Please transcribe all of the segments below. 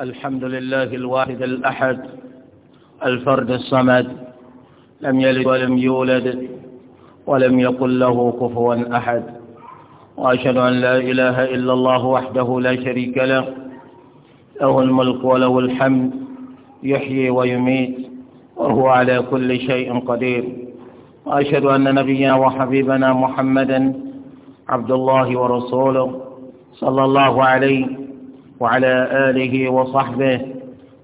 الحمد لله الواحد الأحد الفرد الصمد لم يلد ولم يولد ولم يقل له كفوا أحد وأشهد أن لا إله إلا الله وحده لا شريك له له الملك وله الحمد يحيي ويميت وهو على كل شيء قدير وأشهد أن نبينا وحبيبنا محمدا عبد الله ورسوله صلى الله عليه وعلى آله وصحبه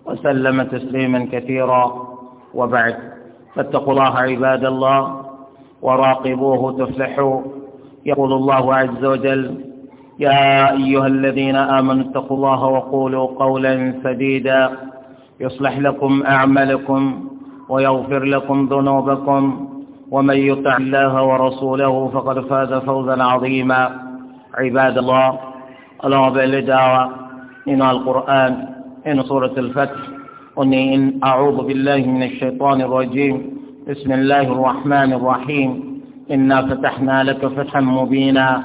وسلم تسليما كثيرا وبعد فاتقوا الله عباد الله وراقبوه تفلحوا يقول الله عز وجل يا أيها الذين آمنوا اتقوا الله وقولوا قولا سديدا يصلح لكم أعمالكم ويغفر لكم ذنوبكم ومن يطع الله ورسوله فقد فاز فوزا عظيما عباد الله الله بلدعوة إن القرآن إن سورة الفتح قلني إن أعوذ بالله من الشيطان الرجيم بسم الله الرحمن الرحيم إنا فتحنا لك فتحا مبينا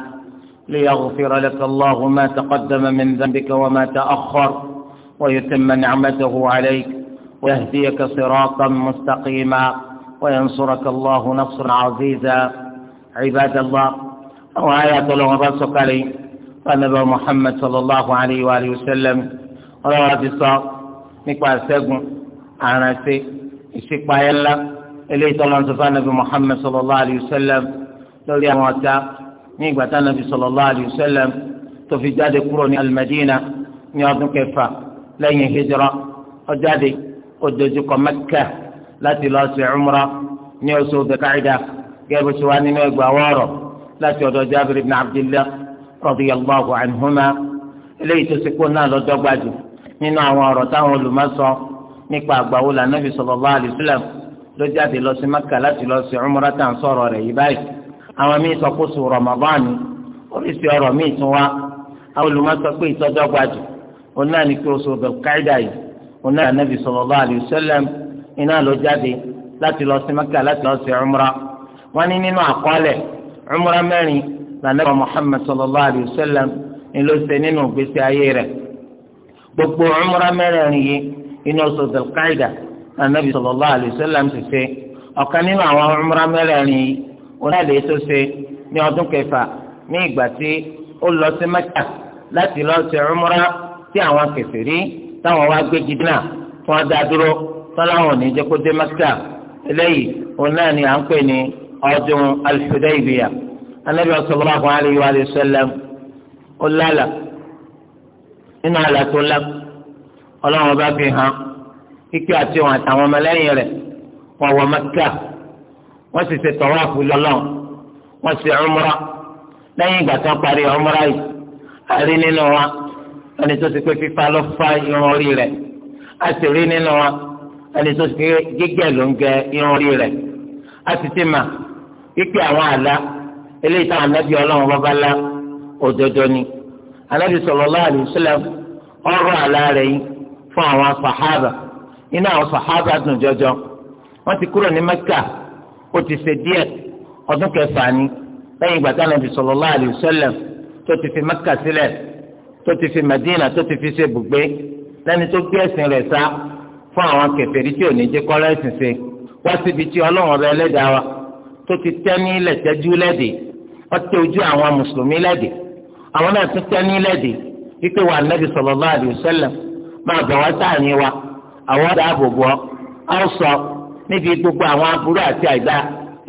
ليغفر لك الله ما تقدم من ذنبك وما تأخر ويتم نعمته عليك ويهديك صراطا مستقيما وينصرك الله نصرا عزيزا عباد الله وآيات الله رسك عليه fanabi muhammed sallallahu alayhi wa sallam ọlọ́wọ́ ti sọ nípa ṣẹ́gun àrànṣe ìṣípayá ńlá eléyìí tọ́lọ́ ní fanabi muhammed sallallahu alayhi wa sallam lórí àwọn ọ̀tá ní ìgbà tá nàbi sallallahu alayhi wa sallam tó fi jáde kúrò ní alimadina ní ọdún kẹfà lẹ́yìn hijra ó jáde ó dojú kọ mẹ́kà láti lọ sí umra ní oṣù bẹ̀káìdá gẹ́gẹ́ bó wá nínú ẹgbàá wọ́ọ̀rọ̀ láti ọ̀dọ̀ jábìrì ibn abdillah radiyallahu anhuma eléyìí tó ti kó náà lọ dọ́gba jù nínú àwọn ọ̀rọ̀ táwọn olùmọ̀sọ nípa àgbàwo là nàbì sallallahu alaihi wasallam ló jáde lọ sí Mẹ́kà láti lọ sí umrah tá à ń sọ̀rọ̀ rẹ̀ yìí báyìí àwọn míì sọ kó sùn Ramadan oríṣi ọ̀rọ̀ míì tún wá àwọn olùmọ̀sọ pé ìtọ́jọ́ gbajù òun náà ní kí oṣù Dhul-Qa'dah yìí òun náà nàbì sallallahu alaihi wasallam iná ló jáde láti lọ sí Mẹ́kà láti lọ sí umrah wọn ní nínú àkọọ́lẹ̀ umrah mẹ́rin lànà Muhammad sallallahu alayhi wa sallam ni ló ṣe nínú ìgbésí ayé rẹ̀ gbogbo umra mẹ́rẹ̀ẹ̀rin yìí inú oṣù Dhul-Qa'ida lànàbì sallallahu alayhi wa sallam ti ṣe ọ̀kan nínú àwọn umra mẹ́rẹ̀ẹ̀rin yìí onáàlẹ́ tó ṣe ní ọdún kẹfà ní ìgbà tí ó lọ sí Mẹ́kà láti lọ ṣe umra tí àwọn kèfèrí táwọn wá gbé jìdínà fún ọdá tọ́láwọn ò ní jẹ́ kó dé Mẹ́kà eléyìí onáà ni à ń pè ní ọdún Al-Hudaybiyah anabi sallallahu alayhi wa sallam ó lálà nínú àlà tó lá ọlọ́run ọba fi hàn kíkí àti wọn àtàwọn ọmọlẹ́yìn rẹ̀ wọ́n wọ mẹ́kà wọ́n sì ṣe tọ́wáàfù lọ́lọ́run wọ́n sì ọmọra lẹ́yìn ìgbà tó ń parí ọmọra yìí àrí nínú wa ẹni tó ti pé fífa ló fa irun orí rẹ̀ a sì rí nínú wa ẹni tó ti pé gígẹ̀ ló ń gẹ irun orí rẹ̀ a sì ti mà kíkí àwọn àlá eléyìí táwọn anábì ọlọ́run bá bá la òdodo ni anábì sallallahu alaihi wasallam ọ̀rọ̀ àlá rẹ̀ yìí fún àwọn sàhábà iná àwọn sàhábà dùn jọjọ wọ́n ti kúrò ní mẹ́kà ó ti ṣe díẹ̀ ọdún kẹfà ni lẹ́yìn ìgbà táwọn anábì sallallahu alaihi wasallam tó ti fi mẹ́kà sílẹ̀ tó ti fi Madina tó ti fi ṣe bùgbé lẹ́ni tó gbé ẹ̀sìn rẹ̀ sá fún àwọn kèfèrí tí ò ní jẹ́ kọ́lá ẹ̀sìn ṣe wá síbi tí ọlọ́run ọba ẹlẹ́dàá wa tó ti tẹ́ ní ilẹ̀ tẹ́jú lẹ́dẹ̀ẹ́ ọtẹ ojú àwọn mùsùlùmí lẹ́dẹ̀ àwọn náà tún tẹ́ ní lẹ́dẹ̀ wípé wà nẹ́bí sallallahu alaihi wasallam máa bọ̀ wá sáàní wa àwọn ọ̀dà àbòbọ̀ ọ̀ sọ níbi gbogbo àwọn aburú àti àìdá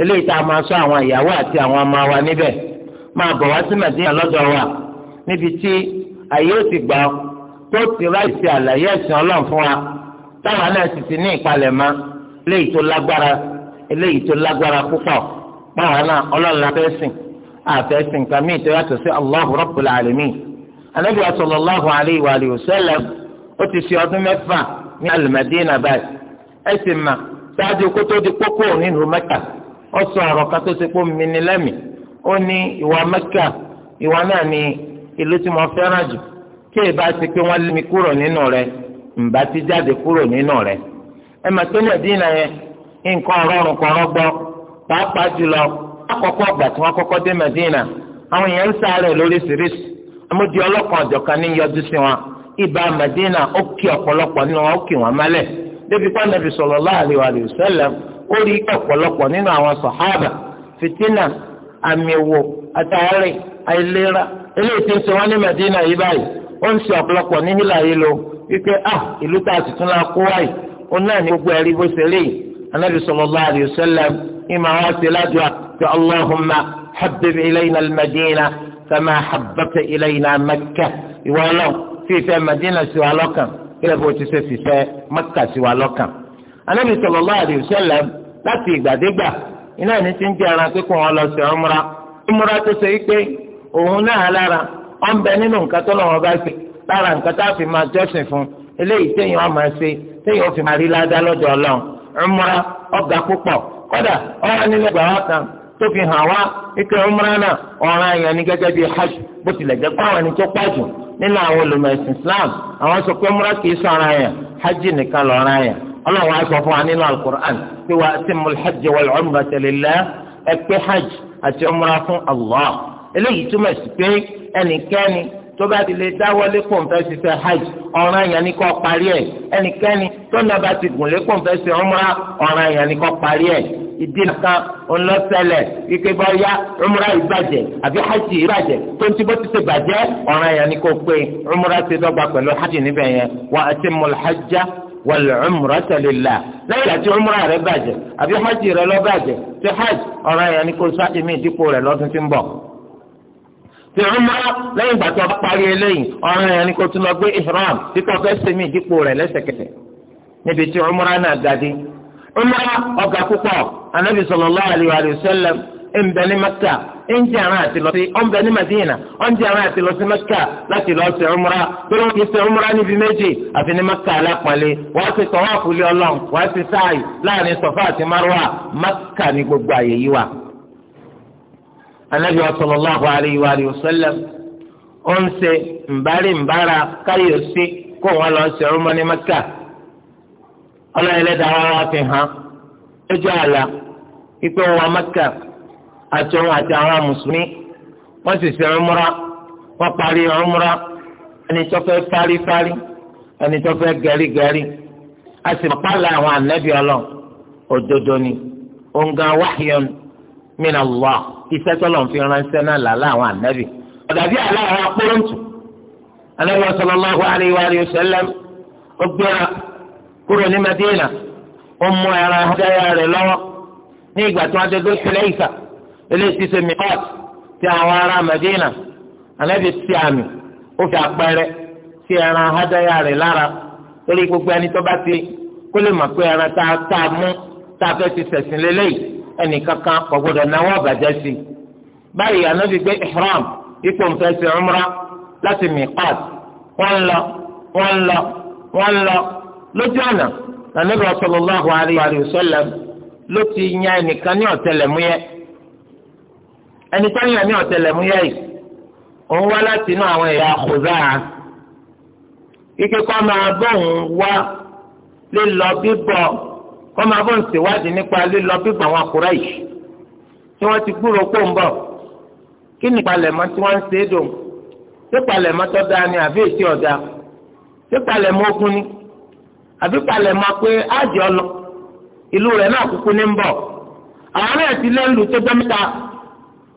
eléyìí tá a máa sọ àwọn ìyàwó àti àwọn ọmọ wa níbẹ̀ máa bọ̀ wá sí Mẹ̀dínà lọ́dọ̀ wa níbi tí àyè ó ti gbà tó ti ráì sí àlàyé ẹ̀sìn ọlọ́run fún wa táwọn náà sì ti ní ìpalẹ̀mọ́ eléyìí tó lágbára eléyìí tó lágbára púpọ̀ báwa náà ọlọ́run la sìn àfẹ́sìn kan mí ìtọ́ yàtọ̀ sí Allahu Rabbul anabi sallallahu alayhi wa wa sallam ó ti ṣe ọdún mẹ́fà ní alimadina báyìí ẹ sì mà ṣáájú kó tó di kókó nínú mẹ́kà ó sọ ọ̀rọ̀ tó kó lẹ́mì ó ní ìwà mẹ́kà ìwà náà ni ìlú tí mo fẹ́ràn jù ti pé wọ́n lé mi kúrò nínú rẹ̀ ti jáde kúrò nínú rẹ̀ ẹ mà tó ní ẹ̀dínlẹ̀ yẹn nǹkan ọ̀rọ̀ ọ̀rùn àkọ́kọ́ ọgbà tí wọ́n kọ́kọ́ dé ya àwọn èèyàn ń sáré lóríṣiríṣi amúdi ọlọ́kan ọ̀jọ̀kan ní yọjú sí wọn ibà Medina ó kí ọ̀pọ̀lọpọ̀ nínú wọn ó kí wọn mọ́lẹ̀ débi pa nàbì sallallahu alaihi wa sallam ó rí ọ̀pọ̀lọpọ̀ nínú àwọn sàhábà fìtínà àmìwò àtàárẹ̀ àìlera eléyìí tí ń sọ wọn ní Medina yìí báyìí ó ń sọ ọ̀pọ̀lọpọ̀ ní hílà ah, a sì tún la kó wáyìí ó náà ní النبي صلى الله عليه وسلم إمارات الأدوى اللهم حبب إلينا المدينة كما حببت إلينا مكة ولو في في مدينة سوى لكم إلى بوتي في في مكة سوى لكم النبي صلى الله عليه وسلم لا تيجا ديجا iná ní ti ń jẹ ẹran kíkún ọ lọ sí ọmúra ọmúra tó ṣe pé òun náà lára ọ̀nbẹ nínú nǹkan tó lọ́wọ́ bá ṣe lára nǹkan tá a fi máa jọ́sìn fún eléyìí téèyàn á máa ṣe téèyàn ó fi máa rí ládá lọ́dọ̀ ọlọ́run umra ọgá púpọ̀ kódà ọ̀rọ̀ nínú ẹgbàá wa kan tó fi hàn wá ike umra náà ọ̀rọ̀ àyàn ní gẹ́gẹ́ bíi hajj bó tilẹ̀ jẹ́ pé àwọn ẹni tó pàjù nínú àwọn olùmọ̀ẹ̀sìn Islam àwọn sọ pé umra kì í sọ ọ̀rọ̀ àyàn hajj nìkan lọ̀rọ̀ àyàn ọlọ́run á sọ fún wa nínú alukur'an pé wa atimul hajj wal umrata lillah ẹ pé hajj àti umra fún Allah eléyìí túmọ̀ sí pé ẹnikẹ́ni tó bá ti lè dáwọ́lé pọ̀npẹ́ ṣiṣẹ́ hajj ọ̀ràn yẹn ni kó parí ẹ̀ ẹnikẹ́ni tó náà bá ti gùn lé pọ̀npẹ́ ṣe ọmọra ọ̀ràn yẹn ni kó parí ẹ̀ ìdínà kan ńlọsẹlẹ ike bá yá ọmọra ìbàjẹ́ àbí hajj ìbàjẹ́ tó ń ti bó ti ṣe bàjẹ́ ọ̀ràn yẹn ni kó pé ọmọra ti dọ́gba pẹ̀lú hajj níbẹ̀ yẹn wà á ti mọ̀lẹ́ hajj wal-umrata lillah lẹ́yìn àti umra rẹ̀ bàjẹ́ àbí hajj rẹ̀ lọ bàjẹ́ ti hajj ọ̀ràn yẹn ni sáà ti umra lẹ́yìn ìgbà tó bá parí eléyìí ọ̀ràn yẹn ni kó tún lọ gbé ihram títọ́ fẹ́ sèmi ìdípò rẹ̀ lẹ́sẹ̀kẹsẹ̀ níbi tí umra náà gadi umra ọ̀gá púpọ̀ anabi sallallahu alayhi wa sallam ń bẹ ní maka ń jẹ́ àrùn àti lọ sí ń bẹ ní madina ń jẹ́ àrùn àti lọ sí maka láti lọ sí umra tó ló ń fi umra níbi méjì àfi ní maka alápọ̀nlé wàá ti tọ́wọ́ àfúlé ọlọ́run wàá ti sáàyè láàrin sọ̀fà àti marwa maka ní gbogbo anabi sallallahu alayhi wa alayhi wa sallam Onse nbari nbara káyọ̀sí kó wọn lọ ṣe ọmọ maka. mẹ́kà ọlọ́yẹlẹ́dàá wa fi hàn lójú àlà ikpe wọn maka àti òun àti àwọn mùsùlùmí wọn sì ṣe ọmọra wọ́n parí ọmọra ẹni tó fari fari ẹni tó gari gari a sì pààlà àwọn anabi ọlọ́ òdodo ni min Allah iṣẹ́ tọ́lọ̀ ń fi ránṣẹ́ náà làlá àwọn ànábì ọ̀dàbí àlá àwọn akpọ́rọ̀ǹtù ànábì sallallahu alayhi wa sallam ó gbéra kúrò ní Madina ó mú ẹran adáyà rẹ̀ lọ́wọ́ ní ìgbà tí wọ́n dédé sílẹ̀ ìsà eléyìí ti ṣe miqat ti àwọn ará Madina ànábì ti àmì ó àpẹẹrẹ ti ẹran adáyà rẹ̀ lára torí gbogbo ẹni tó bá ti kó lè ẹran tá a mú tá a fẹ́ ti sẹ̀sìn lélẹ́yìí ẹnìkankan kò gbọdọ̀ náwó àbàjẹ́ sí i báyìí ànábi gbé ihram ipò nfẹ́ sí umra láti miqat wọ́n ń lọ wọ́n ń lọ wọ́n ń lọ lójú ọ̀nà ànábi sallallahu alayhi wa sallam ló ti yan ẹnìkan ní ọ̀tẹlẹ̀múyẹ́ ẹnìkan yan ní ọ̀tẹlẹ̀múyẹ́ yìí òun wá láti inú àwọn ẹ̀yà Khuzaa kíkẹ́ kọ́ máa bọ̀ òun wá lílọ bíbọ̀ kọ́ máa bọ̀ ń ṣèwádìí nípa lílọ pípa àwọn Quraish tí wọ́n ti kúrò kó ń bọ̀ kí ni palẹ̀mọ́ tí wọ́n ń ṣe é dùn ṣé palẹ̀mọ́ tó dáa ni àbí èsì ọ̀dà ṣé palẹ̀mọ́ ogun ni àbí palẹ̀mọ́ pé ájì ọlọ ìlú rẹ̀ náà kúkú ní ń bọ̀ àwọn náà ti lé lu tó dọ́mítà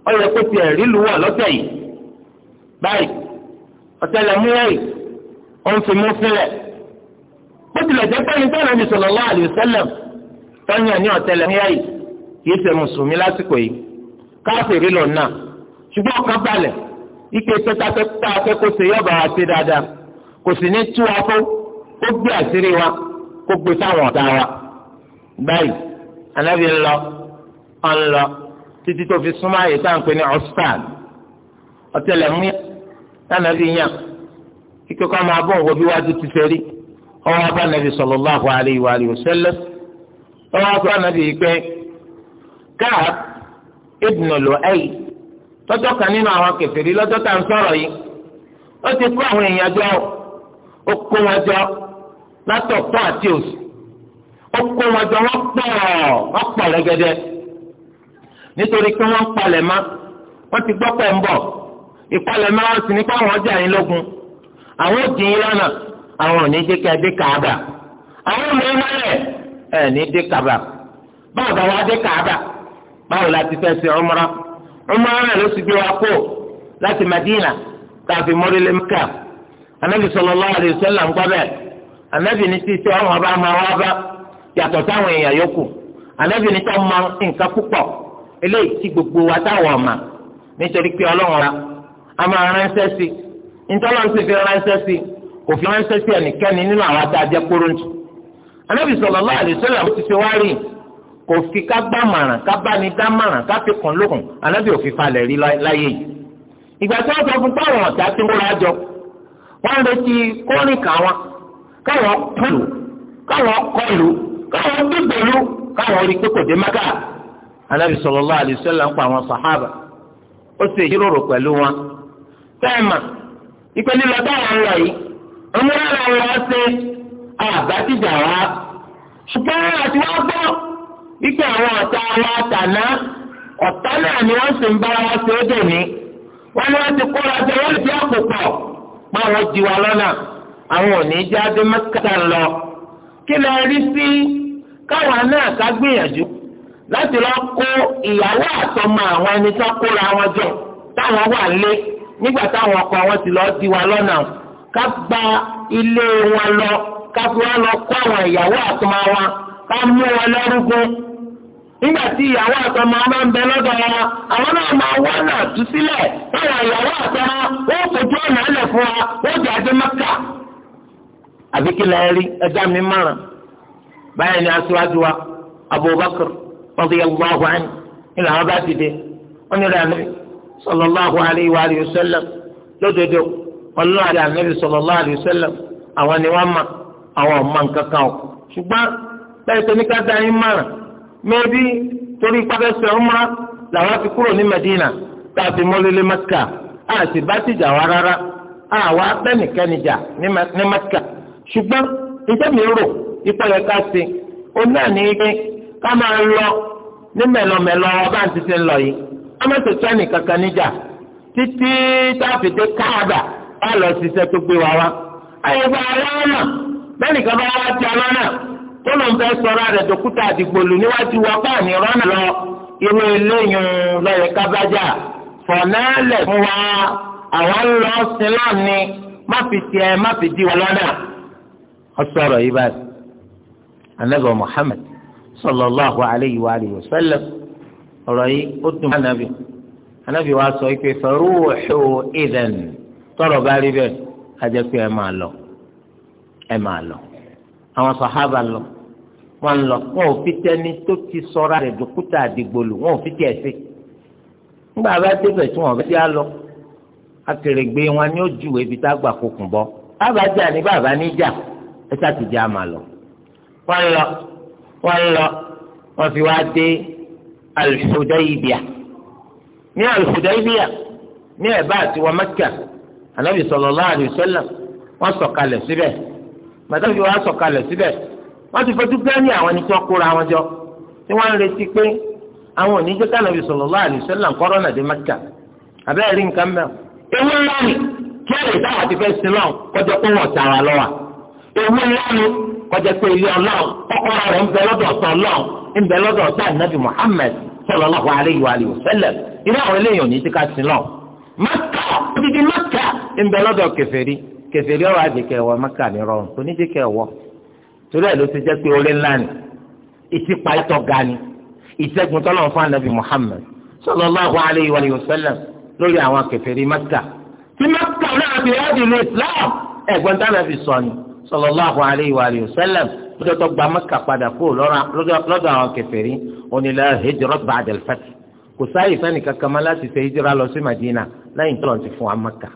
ó kó tiẹ̀ rí lu wọ̀ yìí báyìí yìí ó ń fi mú tọ́yàn ní ọ̀tẹlẹ̀múyà yìí kì í ṣe mùsùlùmí lásìkò yìí káfíìrì lòun náà ṣùgbọ́n ọkàn balẹ̀ ike tẹ́tàtẹ́tà akẹ́kọ̀ọ́ ṣe yọba wa ṣe dáadáa kò sì ní tú akó kó gbé àṣírí wa kó gbé sáwọn ọ̀tá wa. báyìí anábì ń lọ ọ̀ ń lọ títí tó fi súnmọ́ àyè tá à ń pè ní ọ̀sán ọ̀tẹlẹ̀múyà tánàbí yàn kíkọ́ ká máa bí wájú ti lọ́wọ́ sọ ànábì yìí pé káàb ibn Lu'ay n'ịnụ kan nínú àwọn kẹfìrí lọ́jọ́ tá à ń sọ̀rọ̀ yìí ó ti kó àwọn èèyàn jọ ó kó wọn jọ látọ̀pọ̀ àti òsì ó kó wọn jọ wọ́n pọ̀ wọ́n pọ̀ nítorí pé wọ́n palẹ̀ wọ́n ti gbọ́ pẹ̀ ń bọ̀ ìpalẹ̀ ẹ ní dé kaba báwo bá wá dé kaba báwo la ti fẹ́ ṣe ọmọrọ ọmọrọ náà ló sì gbé wa Madina káfí mọ́rílẹ̀ mẹ́kà anabi sallallahu alaihi wasallam ń gbọ́ bẹ́ẹ̀ anabi ní ti ṣe ọmọ bá máa wá bá yàtọ̀ táwọn èèyàn yòókù anabi ní tó nǹkan púpọ̀ eléyìí gbogbo wa táwọn ọ̀ma nítorí pé ọlọ́run ra a máa ránṣẹ́ sí i ntọ́lọ́run sì fi ránṣẹ́ sí i kò fi ránṣẹ́ sí ẹnikẹ́ni nínú àwọn adájẹ́ Anabi sallallahu alaihi wasallam ti ṣe kò fi ká gbá màrán ká bá ní dá màrán ká fi kàn lókun anábì ò fi rí láyé yìí ìgbà tí wọ́n sọ fún báwọn ọ̀tá tí wọ́n rà jọ ń retí kórìn káwọn káwọn kọlù káwọn káwọn káwọn rí pé kò dé sallallahu ń pa àwọn sàhábà ó a wa ṣùgbọ́n àti wọ́n gbọ́ wípé àwọn ọ̀tá wa ọ̀tá náà ni wọ́n sì ń bára wọn ṣe é dè ní wọ́n ní wọ́n ti kóra jẹ wọ́n lè àwọn lọ́nà gbìyànjú láti lọ kó ìyàwó àtọmọ àwọn ẹni tó wọn jọ táwọn wà lé nígbà táwọn ọkọ wọn ti lọ di wa ká lọ. káfí wọn lọ kó àwọn ìyàwó àtọmọ wa ká mú wọn lẹ́rúgún nígbà tí ìyàwó àtọmọ máa ń bẹ lọ́dọ̀ wa àwọn náà máa wá náà tú sílẹ̀ báwọn ìyàwó àtọmọ wọn fojú ọ̀nà ẹ̀lẹ̀ fún wa wọn jẹ́ adé mẹ́ta. àbí kí lẹ́yìn rí ẹja mi márùn báyìí ni aṣáájú wa Abubakar radiyallahu anhu ilẹ̀ àwọn bá dìde wọn ni rẹ̀ ànábì sallallahu alayhi wa sallam lódodo ọlọ́run àti sallallahu alayhi wa sallam àwọn àwọn ọmọ nǹkan o ṣùgbọ́n bẹ́ẹ̀ tó ní ká da yín mọ̀ràn mẹ́bí torí pàfẹ́sẹ̀ umra làwọn fi kúrò ní Medina tá sì bá wá rárá wá jà ní ṣùgbọ́n mi rò ká ṣe ó náà lọ ní mẹ́lọmẹ́lọ ọba àti ń lọ yìí kankan níjà títí tá a fi dé káàdà lọ wa wá. bá a lọ́wọ́ bẹ́ẹ̀ni kan bá wá ti ọlọ́nà tó ló ń fẹ́ sọ̀rọ̀ rẹ̀ dòkúta àdìgbòlù níwájú wa bá ní rọ́nà lọ irú eléyìn lọ́yẹ̀ kábájà fọ̀nẹ́lẹ̀ fún wa àwọn lọ sin lọ́ọ̀ni má fi tiẹ̀ má fi di wa lọ́nà. ó sọ̀rọ̀ yìí báyìí anabi Muhammad sallallahu alayhi wa alihi wa sallam ọ̀rọ̀ yìí ó tún anabi anabi wa sọ pé faruuhu idan tọrọ bá rí bẹ́ẹ̀ ajẹ́ pé ẹ máa lọ ẹ máa lọ àwọn sàhábà lọ wọn lọ wọn ò fi tẹni tó ti sọra rẹ̀ dòkúta àdìgbòlù wọn ò fi tiẹ̀ sí nígbà bá débẹ̀ tí wọn bá ti á lọ akèrègbè wọn ni ó júwèé ibi tá a gbà kókùn bọ bàbá jà ní bàbá níjà ẹ ṣàtìjà máa lọ wọn lọ wọn lọ wọn fi wá dé al-Hudaybiyah ní al-Hudaybiyah ní ẹ̀bá àti wọn Mẹ́kà Ànábì sallallahu alaihi wasallam wọn sọ̀kalẹ̀ síbẹ̀ màtàbí fi wá sọ̀kalẹ̀ síbẹ̀ wọ́n ti fojú gánì àwọn ẹni tí wọ́n kóra wọn jọ tí wọ́n ń retí pé àwọn òní jẹ́ kánàbí sallallahu alaihi wasallam kọ́rọ́nà dé Mẹ́kà àbẹ́rẹ́ rí nǹkan mẹ́rin. ewu ńlá ni kí ẹ̀rọ ìdáwà ti fẹ́ sin náà kọjá pé wọ́n tara lọ́wà ewu ńlá ni kọjá pé ilé ọlọ́run kọ́kọ́rọ́ rẹ̀ ń bẹ lọ́dọ̀ ọ̀tọ̀ ọlọ́run ń bẹ lọ́dọ̀ ọ̀tọ̀ ànábì Muhammad sallallahu alaihi kẹfìrí ọ̀rọ̀ àjẹkẹ ẹ̀wọ̀ mẹ́kà ní rọrùn kò ní jẹ́kẹ̀ ẹ̀wọ̀ torí ẹ̀ ló ti jẹ́ pé orí ńlá ni ìtìpa ẹ̀tọ́ ga ni ìṣẹ́gun tọ́lọ̀ fún anabi Muhammad sallallahu alayhi wa sallam lórí àwọn kẹfìrí mẹ́kà tí mẹ́kà náà ti rẹ́ di ní Islam ẹ̀gbọ́n dáná fi sọ ni sallallahu alayhi wa sallam lọ́jọ́ tó gba mẹ́kà padà kú lọ́dọ̀ àwọn kẹfìrí onílẹ̀ hijra ba'da al kò sáyè fẹ́ni kankan mọ́ láti ṣe hijra lọ sí Madina lẹ́yìn tó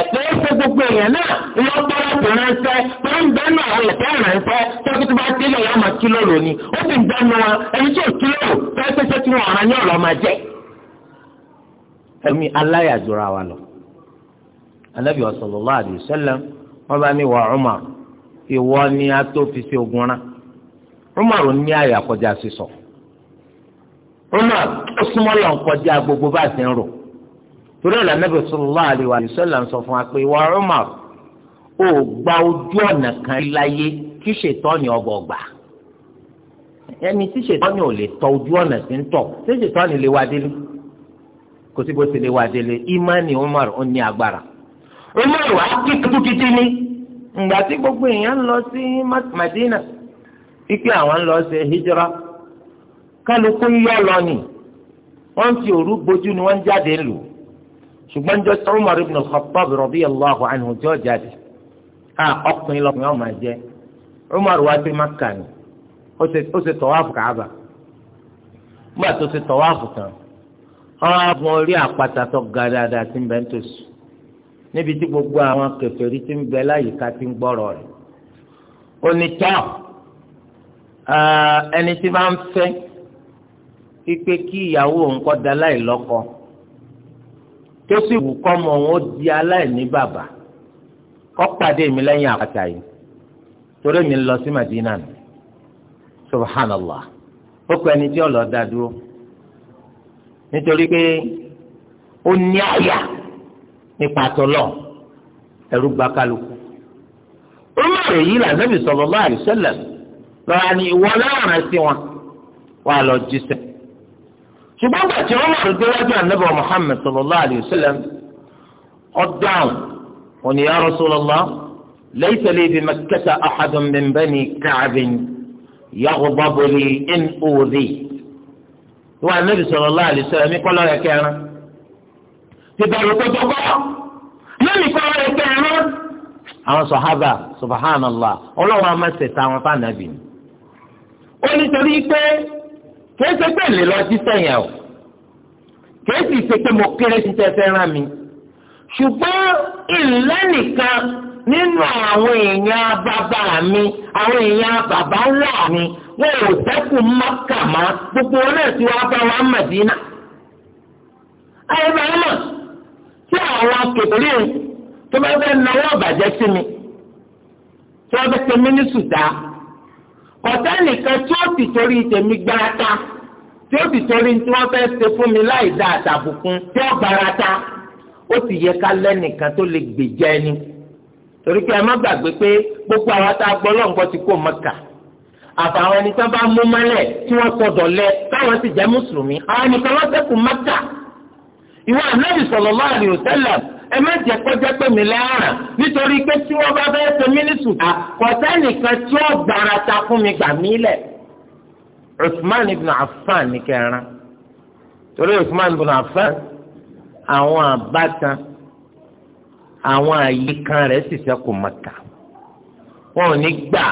ẹ̀pẹ́ ẹ̀sẹ̀ gbogbo èèyàn náà lọ bá láti ránṣẹ́ tó ń bẹ́ẹ̀ náà àwọn ẹ̀fẹ́ ránṣẹ́ tọ́kí tó bá délé yà máa kí lóru ni ó sì ń dánu wọn ẹni tí ò kí lóru fẹ́ẹ́sẹ́sẹ́ tí wọ́n ara ní ọ̀rọ̀ máa jẹ́. ẹ̀mí aláyàjọra wa lọ anabi sallallahu alaihi wasallam wọn bá ní wà Umar ìwọ ni a tó fi ṣe ogun rán Umar ní àyà kọjá sísọ Umar ó súnmọ́ lọ kọjá gbogbo bá a ti ń rò torí ọ̀la Nabi sallallahu alaihi sọlá sallam sọ fún wa pé wà gba ojú ọ̀nà kan láyé kí ṣètọ́ni ọbọ̀ gbà ẹni tí ṣètọ́ni ò lè tọ ojú ọ̀nà sí ń tọ̀ ṣé ṣètọ́ni lè wá délé kò sí bó ti lè wá délé imani Umar ó ní agbára Umar wà á kí kúkìtì tí gbogbo èèyàn lọ sí Madina àwọn lọ sí kálukú yọ lọ ni ti òru ṣùgbọ́n jọ Umar ibn al-Khattab radiyallahu anhu jọ jáde a ọkùnrin lọkùnrin ọmọ ẹ̀jẹ̀ Umar wá sí Makkah ni ó ṣe tọ́wáfù Kaaba nígbà tó ṣe tọ́wáfù tán ọ̀rọ̀ àbọ̀ orí àpáta tó ga dáadáa ti ń bẹ́ ń tòṣù níbi tí gbogbo àwọn kèfèrí ti ń bẹ láyìíká ti ń gbọ́rọ̀ rẹ̀ onítọ̀ ẹni tí bá ń fẹ́ pípé kí ìyàwó òun tó sì wù kọ́mọ wọn di aláìní bàbá kó pàdé mi lẹ́yìn àpáta yìí torí mi lọ sí Madina nù subhanallah ó kọ ẹni tí ó lọ dá dúró nítorí pé ó ní àyà nípa tọlọ ẹrú gba kálukú ó má rè yí lànà bí sallallahu alaihi wasallam lọ́wọ́ ni ìwọ lọ́wọ́ rẹ̀ sí wọn wà lọ jíṣẹ́. ṣùgbọ́n gbà tí Umar gbé wájú ànábì muhammed sallallahu alayhi wa sallam ọ̀dáhùn òní ya Rasulullah laysa li bi Makkata ahadun min bani Ka'b yaghdabu li in udhi. ìwà ànábì sallallahu alayhi wa sallam mi kọ́lọ́ yẹ kẹrin ti bẹ̀rù tó tọ́gbọ́ lónìí kọ́lọ́ yẹ kẹrin. àwọn sọ̀hábà subhanallah ọlọ́run á máa ṣẹ̀ta àwọn ó nítorí pé kìí ṣe pé lè lọ sí sẹ́yìn o kìí sì ṣe pé mo kéré sí tẹ́tẹ́ rán mi ṣùgbọ́n ìlẹ́ nìkan nínú àwọn èèyàn bàbá mi àwọn èèyàn bàbá ńlá mi wọn ò sẹ́kù mọ́kàmá gbogbo náà tí wọ́n bá wà mọ̀dínà. àyẹ̀bá náà tí àwọn kékeré tó bá fẹ́ náwó ọ̀bàjẹ́ sí mi tí wọ́n fẹ́ ṣe mí ní sùdá kọ̀tẹ́ nìkan tí ó ti torí tèmi gbára ta tí ó sì torí tí wọ́n fẹ́ ṣe fún mi láì dá àtàbùkún tí ó gbára ta ó sì yẹ ká lẹ́nìkan tó lè gbèjà ẹni torí pé ẹ má gbàgbé pé gbogbo àwọn tá a gbọ́ lọ́nkọ́ ti kó mọ́kà àfàwọn ẹni tó bá mú mọ́lẹ̀ tí wọ́n sọdọ̀ lẹ káwọn sì jẹ́ mùsùlùmí àwọn nìkan wọ́n sẹ́kù mọ́kà ìwọ ànábì sallallahu alaihi wasallam ẹ má jẹ́ kọjá pé mi lẹ́ràn nítorí pé tí wọ́n bá fẹ́ ṣe mínísù àkọ́sẹ́ tí ó gbára ta fún mi gbà mí lẹ̀ Usman ibn Affan ní kẹrin torí Usman ibn Affan àwọn àbátan àwọn àyíkan rẹ̀ sì ṣẹ́kù Mẹ́kà wọn ò ní gbà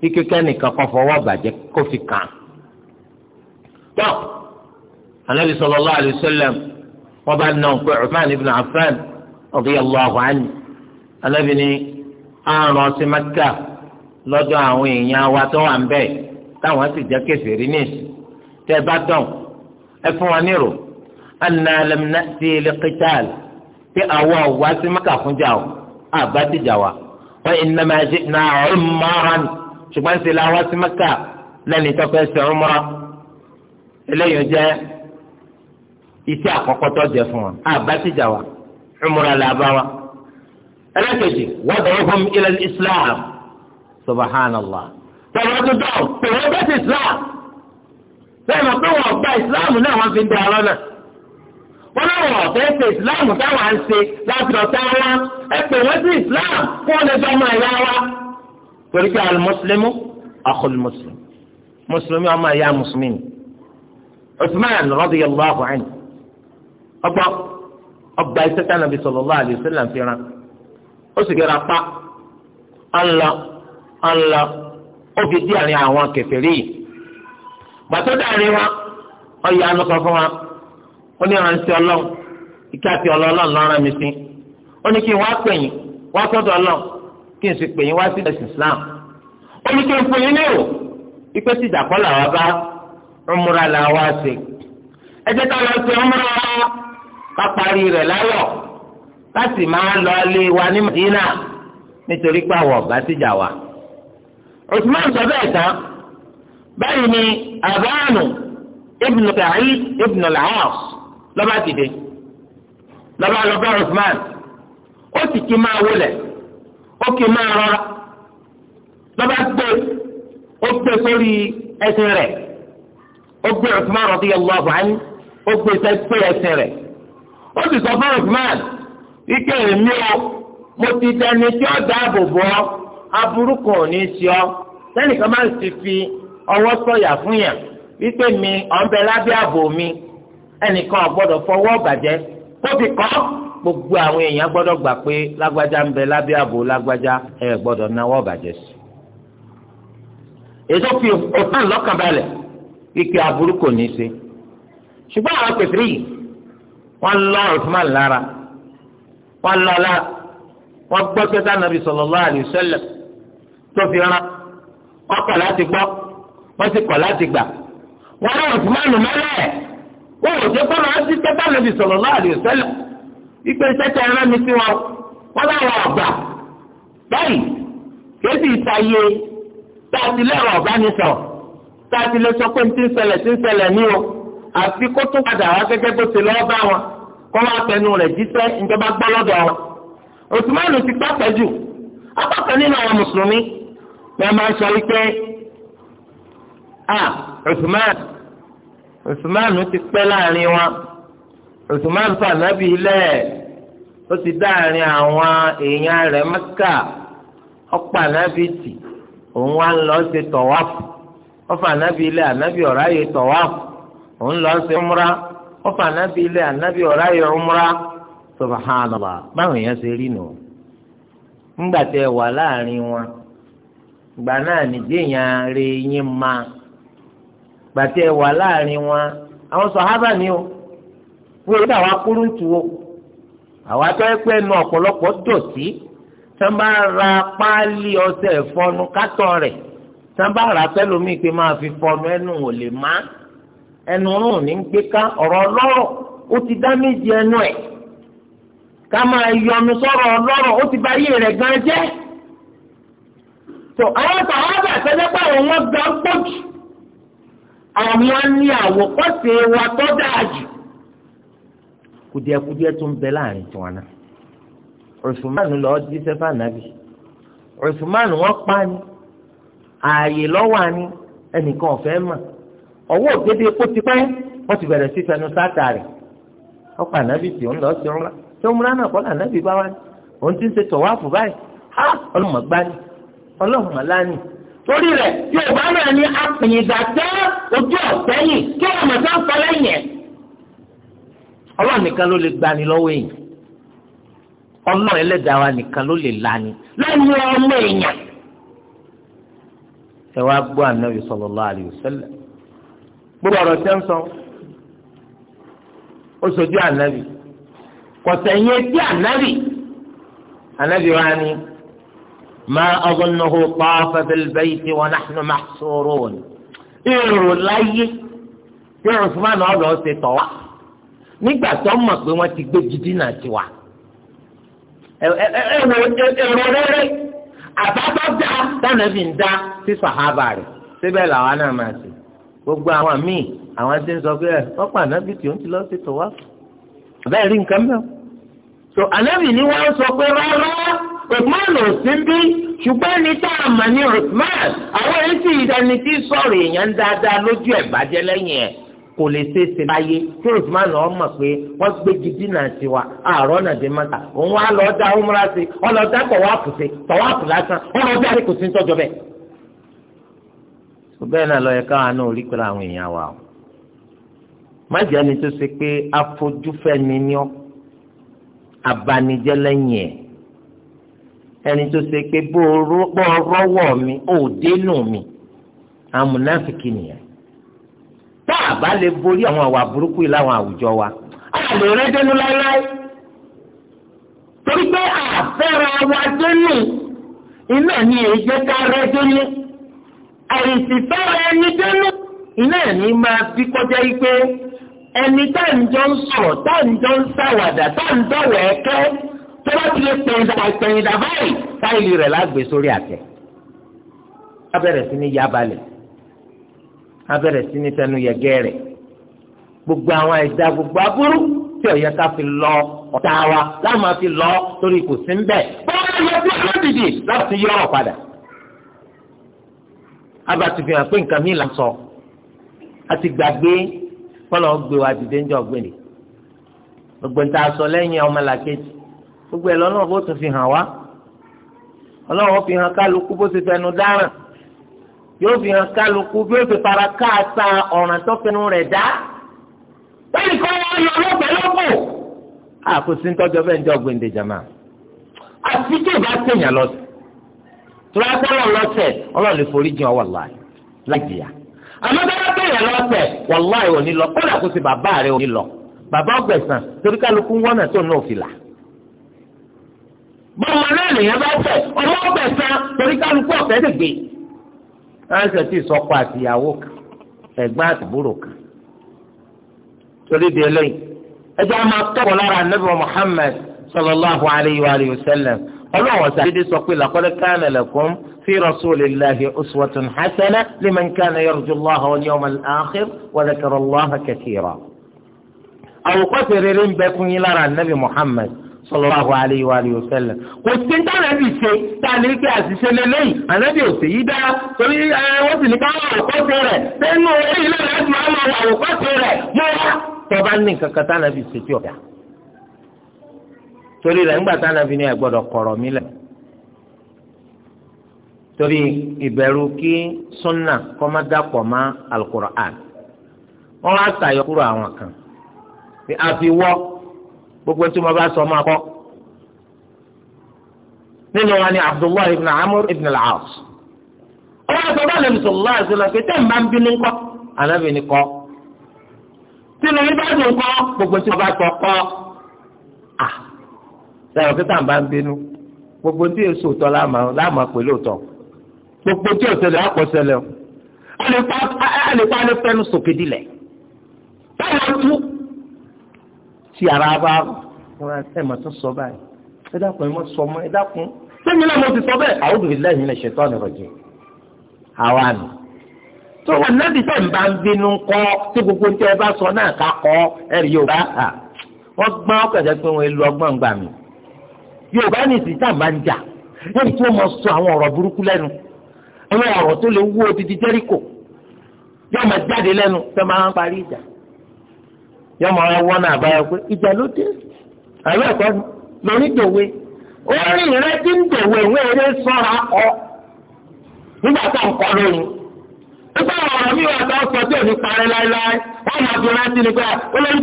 kí kíkẹ́ nìkan kan fọwọ́ bàjẹ́ kó fi kàn. tó anabi sallallahu alayhi wa sallam wọn bá nà pé Usman ibn Affan radiyallahu anhu anabi ni àrùn ọsìn Mẹ́kà lọ́dọ̀ àwọn èèyàn wa tó wà ń bẹ́ẹ̀ táwọn sì jẹ́ kèfèrí ní ìsìn tẹ́ bá dán ẹ fún wa nírò anna lam na'ti liqital pé àwọn ọ̀wá sí mẹ́kà fúnjà o àbá ti jà wa wọ́n innama ji'na umran ṣùgbọ́n ṣe la wá sí mẹ́kà lẹ́ni tó fẹ́ ṣe umra eléyìí jẹ́ iṣẹ́ àkọ́kọ́ tó jẹ wa àbá ti jà wa umra là wa ẹlẹ́kẹ̀jì wọ́n dọ̀rọ̀ fún ilẹ̀ islam subhanallah tẹ̀wọ́n tó dọ̀ tẹ̀wọ́n bẹ́ẹ̀ ti islam bẹ́ẹ̀ mọ̀ pé wọ́n gba islam náà wọ́n fi dẹ ọ̀rọ̀ náà wọ́n náà wọ̀ fẹ́ ṣe islam táwọn à ń ṣe láti ọ̀tá wa ẹ pè wọ́n sí islam kó wọ́n lè dọ́ ọmọ ìyá wa torí pé alimuslimu akọlu muslim muslimi ọmọ ìyá muslimin usman radiyallahu anhu ọgbà ọgbà ìṣẹ́ta nàbí sallallahu alaihi fi ran ó sì kẹ́ra pa ọ̀nlọ ọ̀nlọ ó fi dí àárín àwọn kèfèrí yìí gbàtọ́ dàrin wa ọyọ anukọ fún wa ó ní ìrántí ọlọ́run ìkí àti ọlọ́run lọ́rọ̀ mi sí ó ní kí n wá pè yín wá sọ́dọ̀ ọlọ́run kí n sì pè yín wá sí ẹ̀sìn Islam ó ní kí n fún yín ní o ìpè sí ìdàkọ́ làwa bá ọmúra làwa ṣe ẹ jẹ́ ká lọ sí ọmúra wa ká parí rẹ̀ láyọ̀ ká sì máa lọ ilé wa ní Madina nítorí pé àwọn ọ̀gá síjà wa. Usman sọ bẹ́ẹ̀ tán báyìí ni abáànù ibn Sa'id ibn al-As lọ́ba dìde lọ́ba lọ́ba Usman ó sì kí máa wọlẹ̀ ó kí máa rọra lọ́ba gbé ó gbé sórí ẹsẹ̀ rẹ̀ ó gbé Usman radiyallahu anhu ó gbé sẹ́gbé ẹsẹ̀ rẹ̀ ó sì sọ fún Usman ike èmi o mo ti dẹni tí ó dáàbò bò ọ́. aburú kan ò ní sí ọ sẹ́nìkan máa ń sì fi ọwọ́ sọ̀yà fún yàn wípé mi ọ̀nbẹ lábẹ́ ààbò mi ẹnìkan ò gbọ́dọ̀ fọwọ́ kó fi kọ́ gbogbo àwọn èèyàn gbà pé lágbájá ń bẹ ààbò lágbájá ẹ sí. èso fi ike ní í ṣùgbọ́n àwọn pèsè wọ́n lọ Usman lára wọ́n lọ́la wọ́n gbọ́ pé tó fi rán wọn kọ̀ láti gbọ́ wọn sì kọ̀ láti gbà wọn náà sì máa nù mẹ́lẹ̀ wọn ò jẹ́ kọ́nà ọtí tẹ́tà nàbì sallallahu alaihi wasallam ìpè tẹ́tà ẹran mi sí wọn wọn láwọn ọ̀gbà báyìí kéèsì ìtayé táàtì lẹ́rọ̀ ọ̀bá ni sọ táàtì lè sọ pé ti ń ṣẹlẹ̀ ti ń ṣẹlẹ̀ ní o àfi kó tún padà wá gẹ́gẹ́ bó ti lọ́ọ́ bá wọn kọ́ wá tẹnu rẹ̀ jíṣẹ́ ìjọba gbọ́ lọ́dọ̀ wọn. Usman ti pápẹ́ jù apákan nínú àwọn mùsùlùmí na sọ wípé a Usman Usman ti pẹ́ láàrin wa Usman fànàbí lẹ̀ ó ti dáàrin àwọn èèyàn rẹ̀ Mẹ́kà ọ̀pọ̀ ànábì tì òun wá ń lọ ṣe tọ̀wáfù ọ̀fọ̀ ànábì lẹ̀ ànábì ọ̀rá yẹ tọ̀wáfù òun lọ ṣe múra ọ̀fọ̀ ànábì lẹ̀ ànábì ọ̀rá yẹ gbà náà nìjéèyàn rè yín máa gbàtẹ wà láàrin wọn àwọn sọ̀hábà ni o wọ́n yóò kúrú o àwọn atọ́wẹ́pẹ́ nu ọ̀pọ̀lọpọ̀ dọ̀tí sábà ra páálí ọṣẹ ìfọnu ra pé máa fi fọnu ẹnu ò lè má ẹnu rún ní gbé ká ọ̀rọ̀ ọlọ́rọ̀ ó ti dá méjì ẹnu ẹ̀ ká máa ti bá yé gan jẹ́ tó àwọn sàhábà àtẹ́jẹ́ pé àwọn wọn gbà ń pọ̀ jù àwọn ní àwòkọ́ṣe wa tó dáa jù kùdìẹ̀kùdìẹ̀ tó ń bẹ láàrin tiwọn náà Usman lọ jí sẹ́fà nàbì Usman wọn pa ni ààyè lọ́wọ́ àní ẹnìkan ọ̀fẹ́ mà ọwọ́ ògede kó ti pẹ́ wọ́n ti bẹ̀rẹ̀ sí fẹnu sáta rẹ̀ ọ̀pọ̀ ànábì tí ó ń lọ sí ọ̀run tí ó múra náà kọ́ lànábì bá wá ní òun ti ń ṣe tọ̀wáàfù báyìí ha ọlọ́mọ ni ọlọ́run aláàánú torí rẹ̀ yorùbá náà ní apìnyìndà tẹ́ ojú ọ̀tẹ́yìn kí wọ́n mọ̀ sán sọ lẹ́yìn ẹ̀. ọlọ́run nìkan ló lè gbani lọ́wọ́ èyí ọlọ́run ẹlẹ́dàá wa nìkan ló lè lani lẹ́nu ọmọ èèyàn. ẹ wá gbọ́ ànábì sallallahu alaihi wasallam gbogbo ọ̀rọ̀ tẹ́ ń sọ ó sojú ànábì kọ̀sẹ̀yìn etí ànábì ànábì wa ni. ما أظنه طاف بالبيت ونحن محصورون irun láyé tí Usman ọlọ ṣe tọ wá nígbà tó mọ̀ ti gbé gidi náà ti wá èrò rere àbábọ́ dá tánàbí gbogbo àwọn míì àwọn tí ń sọ pé ń ti so anabi ni wọ́n sọ pé rárá Usman ò sí bí ṣùgbọ́n ẹni tá a mọ̀ ní Usman àwọn èyí sì ẹni tí sọ̀rọ̀ èèyàn dáadáa lójú lẹ́yìn ẹ̀ kò lè ṣe é ṣe tí mọ̀ pé wọ́n gbé gidi náà sí wa àárọ̀ náà dé mọ́ta òun wá lọ da umra sí lásán rẹ̀ kò sí tọ́jọ́ bẹ́ẹ̀. náà káwọn náà rí pẹ̀lú abanijẹ́ lẹ́yìn ẹ̀ ẹni tó ṣe pé bó rọ́wọ́ mi ò dénú mi amúnáfíkì nìyẹn tá a bá lè borí àwọn àwà burúkú yìí láwọn àwùjọ wa a lè rẹ́ dénú láéláé torí pé àfẹ́ra wa dénú iná ni èyí ká rẹ́ dénú àìsí fẹ́ra ẹni dénú iná ni máa fi kọjá yìí pé ẹni táǹjọ́ ń sọ̀rọ̀ táǹjọ́ ń sàwàdà táǹjọ́ wẹ̀ẹ́kẹ́ tó bá ti lè pẹ̀yìndà pẹ̀yìndà báyìí fáìlì rẹ̀ lágbè sórí àtẹ̀. abẹ́rẹ́ sí ní yabalẹ̀ abẹ́rẹ́ sí ní tẹnu yẹgẹ́ rẹ̀ gbogbo àwọn ẹ̀dá gbogbo aburú tí ó yẹ ká fi lọ ọ̀tá wa láwọn máa fi lọ torí kò sí ń bẹ̀ bọ́lá yẹ kí alódìdì láti yọ ọ̀ padà. abàtúfihàn pé nǹkan mi là ń sọ àti gbàgbé kọ́lọ̀ gbé wa dìde ń jọ gbogbo nta sọ lẹ́yìn ọmọ làkejì gbogbo ẹ̀ bó fi hàn wá ọlọ́run fi hàn kálukú bó ti fẹnu dáràn yóò fi hàn kálukú bí ó ti fara káàsà ọ̀ràn tó fẹnu dá bẹ́ẹ̀ni kọ́ ọ lọ lọ́pẹ́ àkóso ń bẹ́ẹ̀ ń jọ gbèǹde àti tí tẹ̀yàn lọ sí tí wọ́n á tẹ́lọ̀ lọ́sẹ̀ ọlọ́run lè forí àmọ́ bá bá bẹ̀rẹ̀ lọ́sẹ̀ wàláì òní lọ kódà kó ti bàbá rẹ̀ òní lọ bàbá ọgbẹ̀sán torí kálukú wọ́nà tó náà fìlà. bọ́ọ̀mọ náà nìyẹn bá fẹ̀ ọmọ ọgbẹ̀sán torí kálukú ọ̀fẹ́ lè gbé. ránṣẹ́ tí ìsọkọ àtìyàwó kan ẹ̀gbọ́n àtìbúrò kan. torí di eléyìí ẹjọ́ a máa kẹ́kọ̀ọ́ lára anábì Muhammad sallallahu alayhi wa sallam ọlọ́wọ́ ọlọ́run ṣàdédé sọ pé làkọ́lẹ́ kana lẹ́kọ́m fi lahi uswatun hasana liman kana yarju Allaha wal yawmal akhir wa dhakara Allaha àwọn kọ́sẹ̀ rere ń bẹ fún yín lára nabi Muhammad sallallahu alayhi wa alihi wa sallam kò sí ní táwọn bí ṣe tá a lè gbé lé lẹ́yìn ànábì òsè yìí dára torí wọ́n sì ní ká wọ́n àwòkọ́ṣe rẹ̀ sẹ́nu ilé rẹ̀ máa ń wọ àwòkọ́ṣe rẹ̀ mọ́ wa. tọ́ba ní nǹkan kan tá torí rẹ̀ ńgbà táwọn àbí ẹ torí kí sunna kọ́má dàpọ̀ mọ́ alukur'an wọn ha tàyọ kúrò àwọn kan bí a fi wọ́ gbogbo tí mo bá sọ máa kọ́ nínú wa ni abdullahi ibn amur ibn al-aas ọlọ́run na bá lẹ́nu sọ̀rọ̀ láti sọ̀rọ̀ ń bá ń bínú kọ́ ànábì sẹ́wọ̀n kí tàǹbà ń bínú gbogbo tí èso òtọ́ láàmà pè lóòótọ́ gbogbo tí òṣèlè àpọ̀ṣẹlẹ̀ àlepa ní pẹ́ẹ́nu sòkè dilẹ̀ báyọ̀ tú tí ara bá ẹ̀ mà tún sọ báyìí ẹ dákun ẹ má sọ mọ́ ẹ dákun sẹ́mi náà mo ti sọ bẹ́ẹ̀ àwọn obìnrin lẹ́yìn lè ṣètọ́ ọ̀nà ìrọ̀jì àwa nù. tó wọn náà ti sẹ́mi bá ń bínú kọ́ tí gbogbo ń ẹ bá sọ náà ká ẹ̀rí yóò bá wọ́n gbọ́n ọ̀kẹ́jẹ́ pé wọ́n lu ọgbọ́n gbà mí. yorùbá ní ìsìn tá a máa ń jà lórí tí máa sọ àwọn ọ̀rọ̀ burúkú lẹnu àwọn ọ̀rọ̀ tó lè wú odidi jẹ́ríkò yóò máa jáde lẹ́nu fẹ́ máa ń parí ìjà yóò máa wọ́n náà báyọ̀ pé ìjà ló dé àlọ́ lórí orí ń dòwe eré nígbà tó ń lóyún nígbà mi wà tó sọ tí parí láéláé máa fi rántí nípa olórí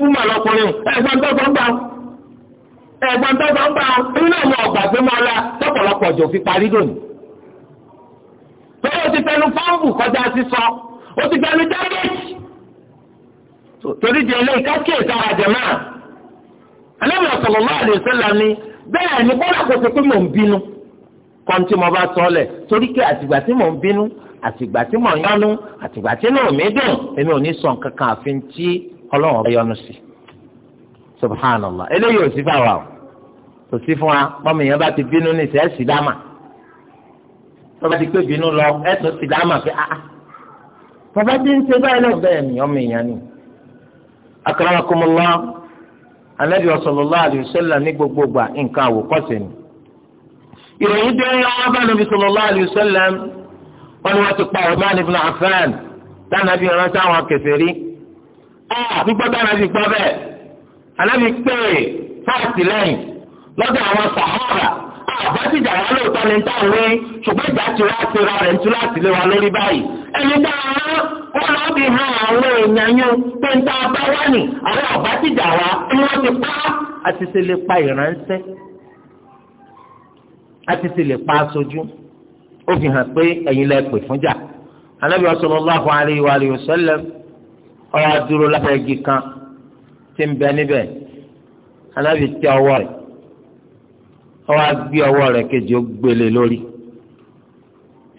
ẹ̀gbọ́n tó bá ń bá inú náà mọ ọgbà tó máa la lọ́pọ̀lọpọ̀ ọjọ́ fi parí lónìí. tọ́wọ́ ti fẹnu fọ́ọ̀mù kọjá sísọ ó ti fẹnu jábẹ́ẹ̀tì. torí di eléyìí kákì ètò àjẹmọ́ Ànábì sallallahu alaihi wasallam ni bẹ́ẹ̀ ni bọ́lá kò sí pé mò ń bínú kan tí mo bá sọ lẹ̀ torí pé àtìgbà tí mò ń bínú àtìgbà tí mò ń yọnu àtìgbà tí náà mi dùn èmi ò ní sọ nǹkan kan àfi ti Ọlọ́run ọba yọ́nú sí subhanallah eléyìí ò sí fáwa o kò sí fún wa pọ́nmi yẹn bá ti bínú ní ìsẹ́ sì dáàmà tọ́ba ti pé bínú lọ ẹ̀sùn sì dáàmà pé ah bàbá ah. ti ń ṣe báyìí náà bẹ́ẹ̀ ni ọmọ èèyàn ni. akramakumullah anabi sallallahu alaihi wasallam ní gbogbogbà nǹkan àwòkọ́sẹ̀ ni. ìròyìn dé wọn bá nàbí sallallahu alaihi wọn ni wọn ti pa Uthman ibn Affan tánàbí ọ̀rọ̀ sáwọn kèfèrí. ah gbígbọ́ tánàbí gbọ́ bẹ́ẹ̀ alábi pèrè fáàtì lẹ́yìn lọ́dọ̀ àwọn sàhárà àbájáde àwọn olóòótọ́ ni tá à ń wé ṣùgbọ́n ìgbà tí wọ́n ti ra rẹ̀ ń tú láti lé wa lórí báyìí. ẹni bá wọn wọn lọ bí hàn àwọn èèyàn yín pé ń tá a bá wà ní àwọn àbájáde àwa ni wọ́n ti pa á. a ti ṣe lè pa ìránṣẹ́ a ti ṣe lè pa aṣojú ó fi hàn pé ẹ̀yin lẹ pè fún jà. anábìyàn sallallahu alaihi wa alihi wasallam ọ̀rọ̀ àdúró lábẹ́ igi kan tí ń bẹ níbẹ̀ anábì tẹ ọwọ́ rẹ̀ ọwọ́ agbé ọwọ́ rẹ̀ kejì ó gbélé lórí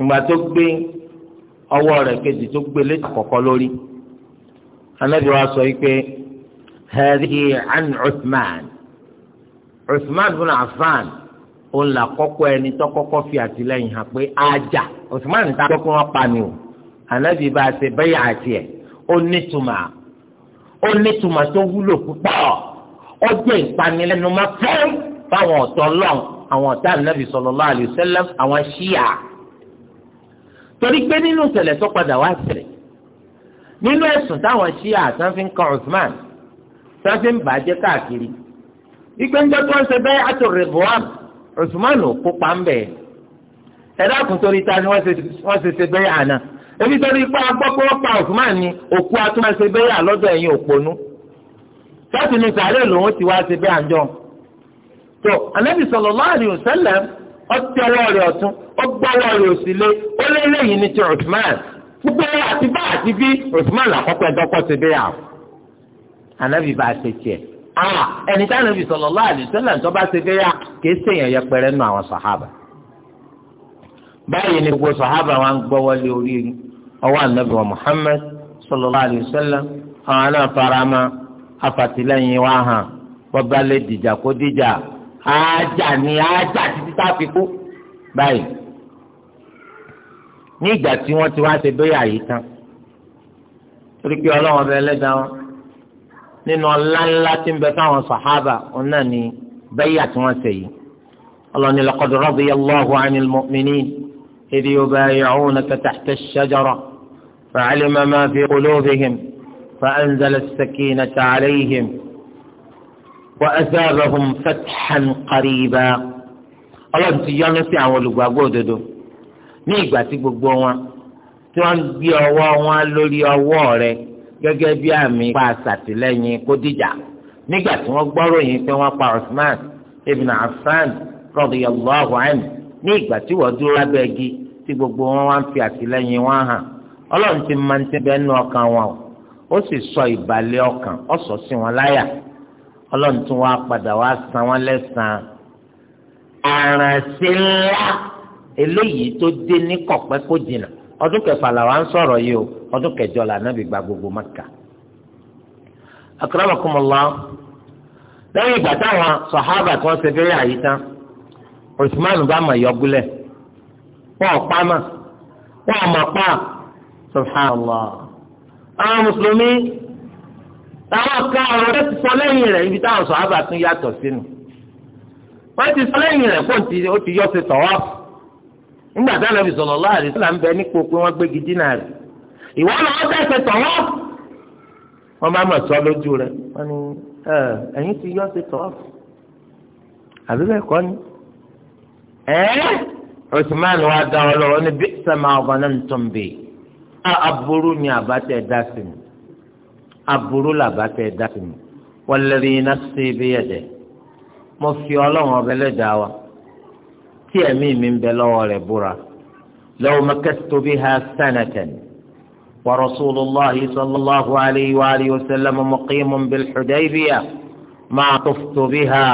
ìgbà tó gbé ọwọ́ rẹ̀ kejì tó gbélé kọ̀kọ́ lórí anábì wa sọ wípé hadihi an Uthman Uthman bin afan, òun là kọ́kọ́ ẹni tó kọ́kọ́ fi àtìlẹ́yìn hàn pé ajá Uthman ta kọ́kọ́ wọn pa ni o anábì bá a ṣe bẹ́yà àti ẹ̀ ó nítumọ̀ ó nítumọ̀ tó wúlò púpọ̀ ó jẹ́ ìpanilẹ́nu máa fẹ́ fáwọn ọ̀tọ̀ lọ́n àwọn ọ̀tá nàbì sallallahu alaihi wasallam àwọn ṣíà torí pé nínú ìṣẹ̀lẹ̀ tó padà wá ṣẹlẹ̀ nínú ẹ̀sùn táwọn ṣíà tán fi ń kan Usman tán fi ń bàjẹ́ káàkiri ìgbé ńjọ tó ń ṣe bẹ́ẹ̀ àtòrèbùwàm Usman ò kópa ń bẹ̀ ẹ̀dá kùn torí ta ni wọ́n ṣe ṣe bẹ́ẹ̀ àná ebi torí pé agbọ́pọ̀ pa Usman ni òkú atúmọ̀ṣe bẹ́yà lọ́dọ̀ ẹ̀yin òponú láti ní sàárẹ̀ lòun ti wá ṣe bẹ́ẹ̀ àjọ. tó anabi sallallahu alaihi ọwọ́ rẹ̀ ọ̀tún rẹ̀ ó lé lẹ́yìn ní ti gbogbo àti bá àti bí làkọ́kọ́ ẹ̀dọ́kọ́ ṣe a ṣe tiẹ̀ ẹni ọwọ́ anabi wa muhammed sallallahu alayhi wa sallam àwọn náà farama afatilẹ́yìn wa hàn bọ́bá lè dìjà kó dìjà ájà ni ájà títí tá a fi kú báyìí ní ìgbà tí wọ́n ti wá ṣe bẹ́yà yìí tán torí pé ọlọ́wọ́n bẹ lẹ́dàá wọn nínú ọlá ńlá tí ń bẹ fáwọn sàhábà òun náà ni bẹ́yà tí wọ́n ṣe yìí ọlọ́ni laqad radiyallahu anil mu'minin idh yubayi'unaka tahta ash-shajara. فعلم ما في قلوبهم فأنزل السكينة عليهم وأثابهم فتحا قريبا ọlọ́run ti yọ́nú sí àwọn olùgbàgbọ́ òdodo ní ìgbà tí gbogbo wọn tí wọ́n ń bí àmì pa kó dìjà nígbà tí ròyìn pé pa Usman ibn ní ìgbà tí dúró igi tí gbogbo wọn ọlọ́run ti máa ń ọkàn wọn o ó sì sọ ìbàlẹ̀ ọkàn ó sí wọn láyà ọlọ́run tún wá padà wá san wọn lẹ́sàn-án àrànṣe ńlá eléyìí tó dé ní kọ̀pẹ́ kó jìnnà ọdún kẹfà ń sọ̀rọ̀ yìí o ọdún kẹjọ gba gbogbo maka akramakumullah lẹ́yìn ìgbà táwọn sọ̀hábà kan ṣe fẹ́rẹ́ bá mọ̀ yọgúlẹ̀ wọ́n subhanallah àwọn mùsùlùmí táwọn kan ọ̀rọ̀ rẹ̀ ti sọ lẹ́yìn rẹ̀ ibi táwọn sọ ábà tún yàtọ̀ sínú wọ́n ti sọ lẹ́yìn rẹ̀ fún ti ó ti yọ ṣe tọ̀wọ́ nígbà tí Ànábì sallallahu alaihi wasallam ń bẹ nípò pé wọ́n gbégi dínà rẹ̀ ìwọ náà wọ́n tẹ̀ ṣe tọ̀wọ́ wọ́n bá mọ̀ sọ lójú rẹ̀ wọ́n ní ẹ̀yìn ti yọ ṣe tọ̀wọ́ àbí bẹ́ẹ̀ kọ́ ni ẹ̀ Usman wa dá ọ lọ́wọ́ ní bí sẹ́mi àwọn ọ̀gbọ́n náà ń tọ́ a aburú ni àbátẹ dá sí mi aburú làbátẹ dá sí mi wọlẹ́rì iná sí ibi ẹ̀dẹ̀ mo fi ọlọ́run ọbẹ̀ lẹ́dàá wa tí ẹ̀mí mi ń bẹ lọ́wọ́ rẹ̀ búra lọ́wọ́ mẹ́kẹ́tò ha sẹ́nẹ̀tẹ̀ni ورسول الله صلى الله عليه وآله وسلم مقيم بالحديبية ما طفت بها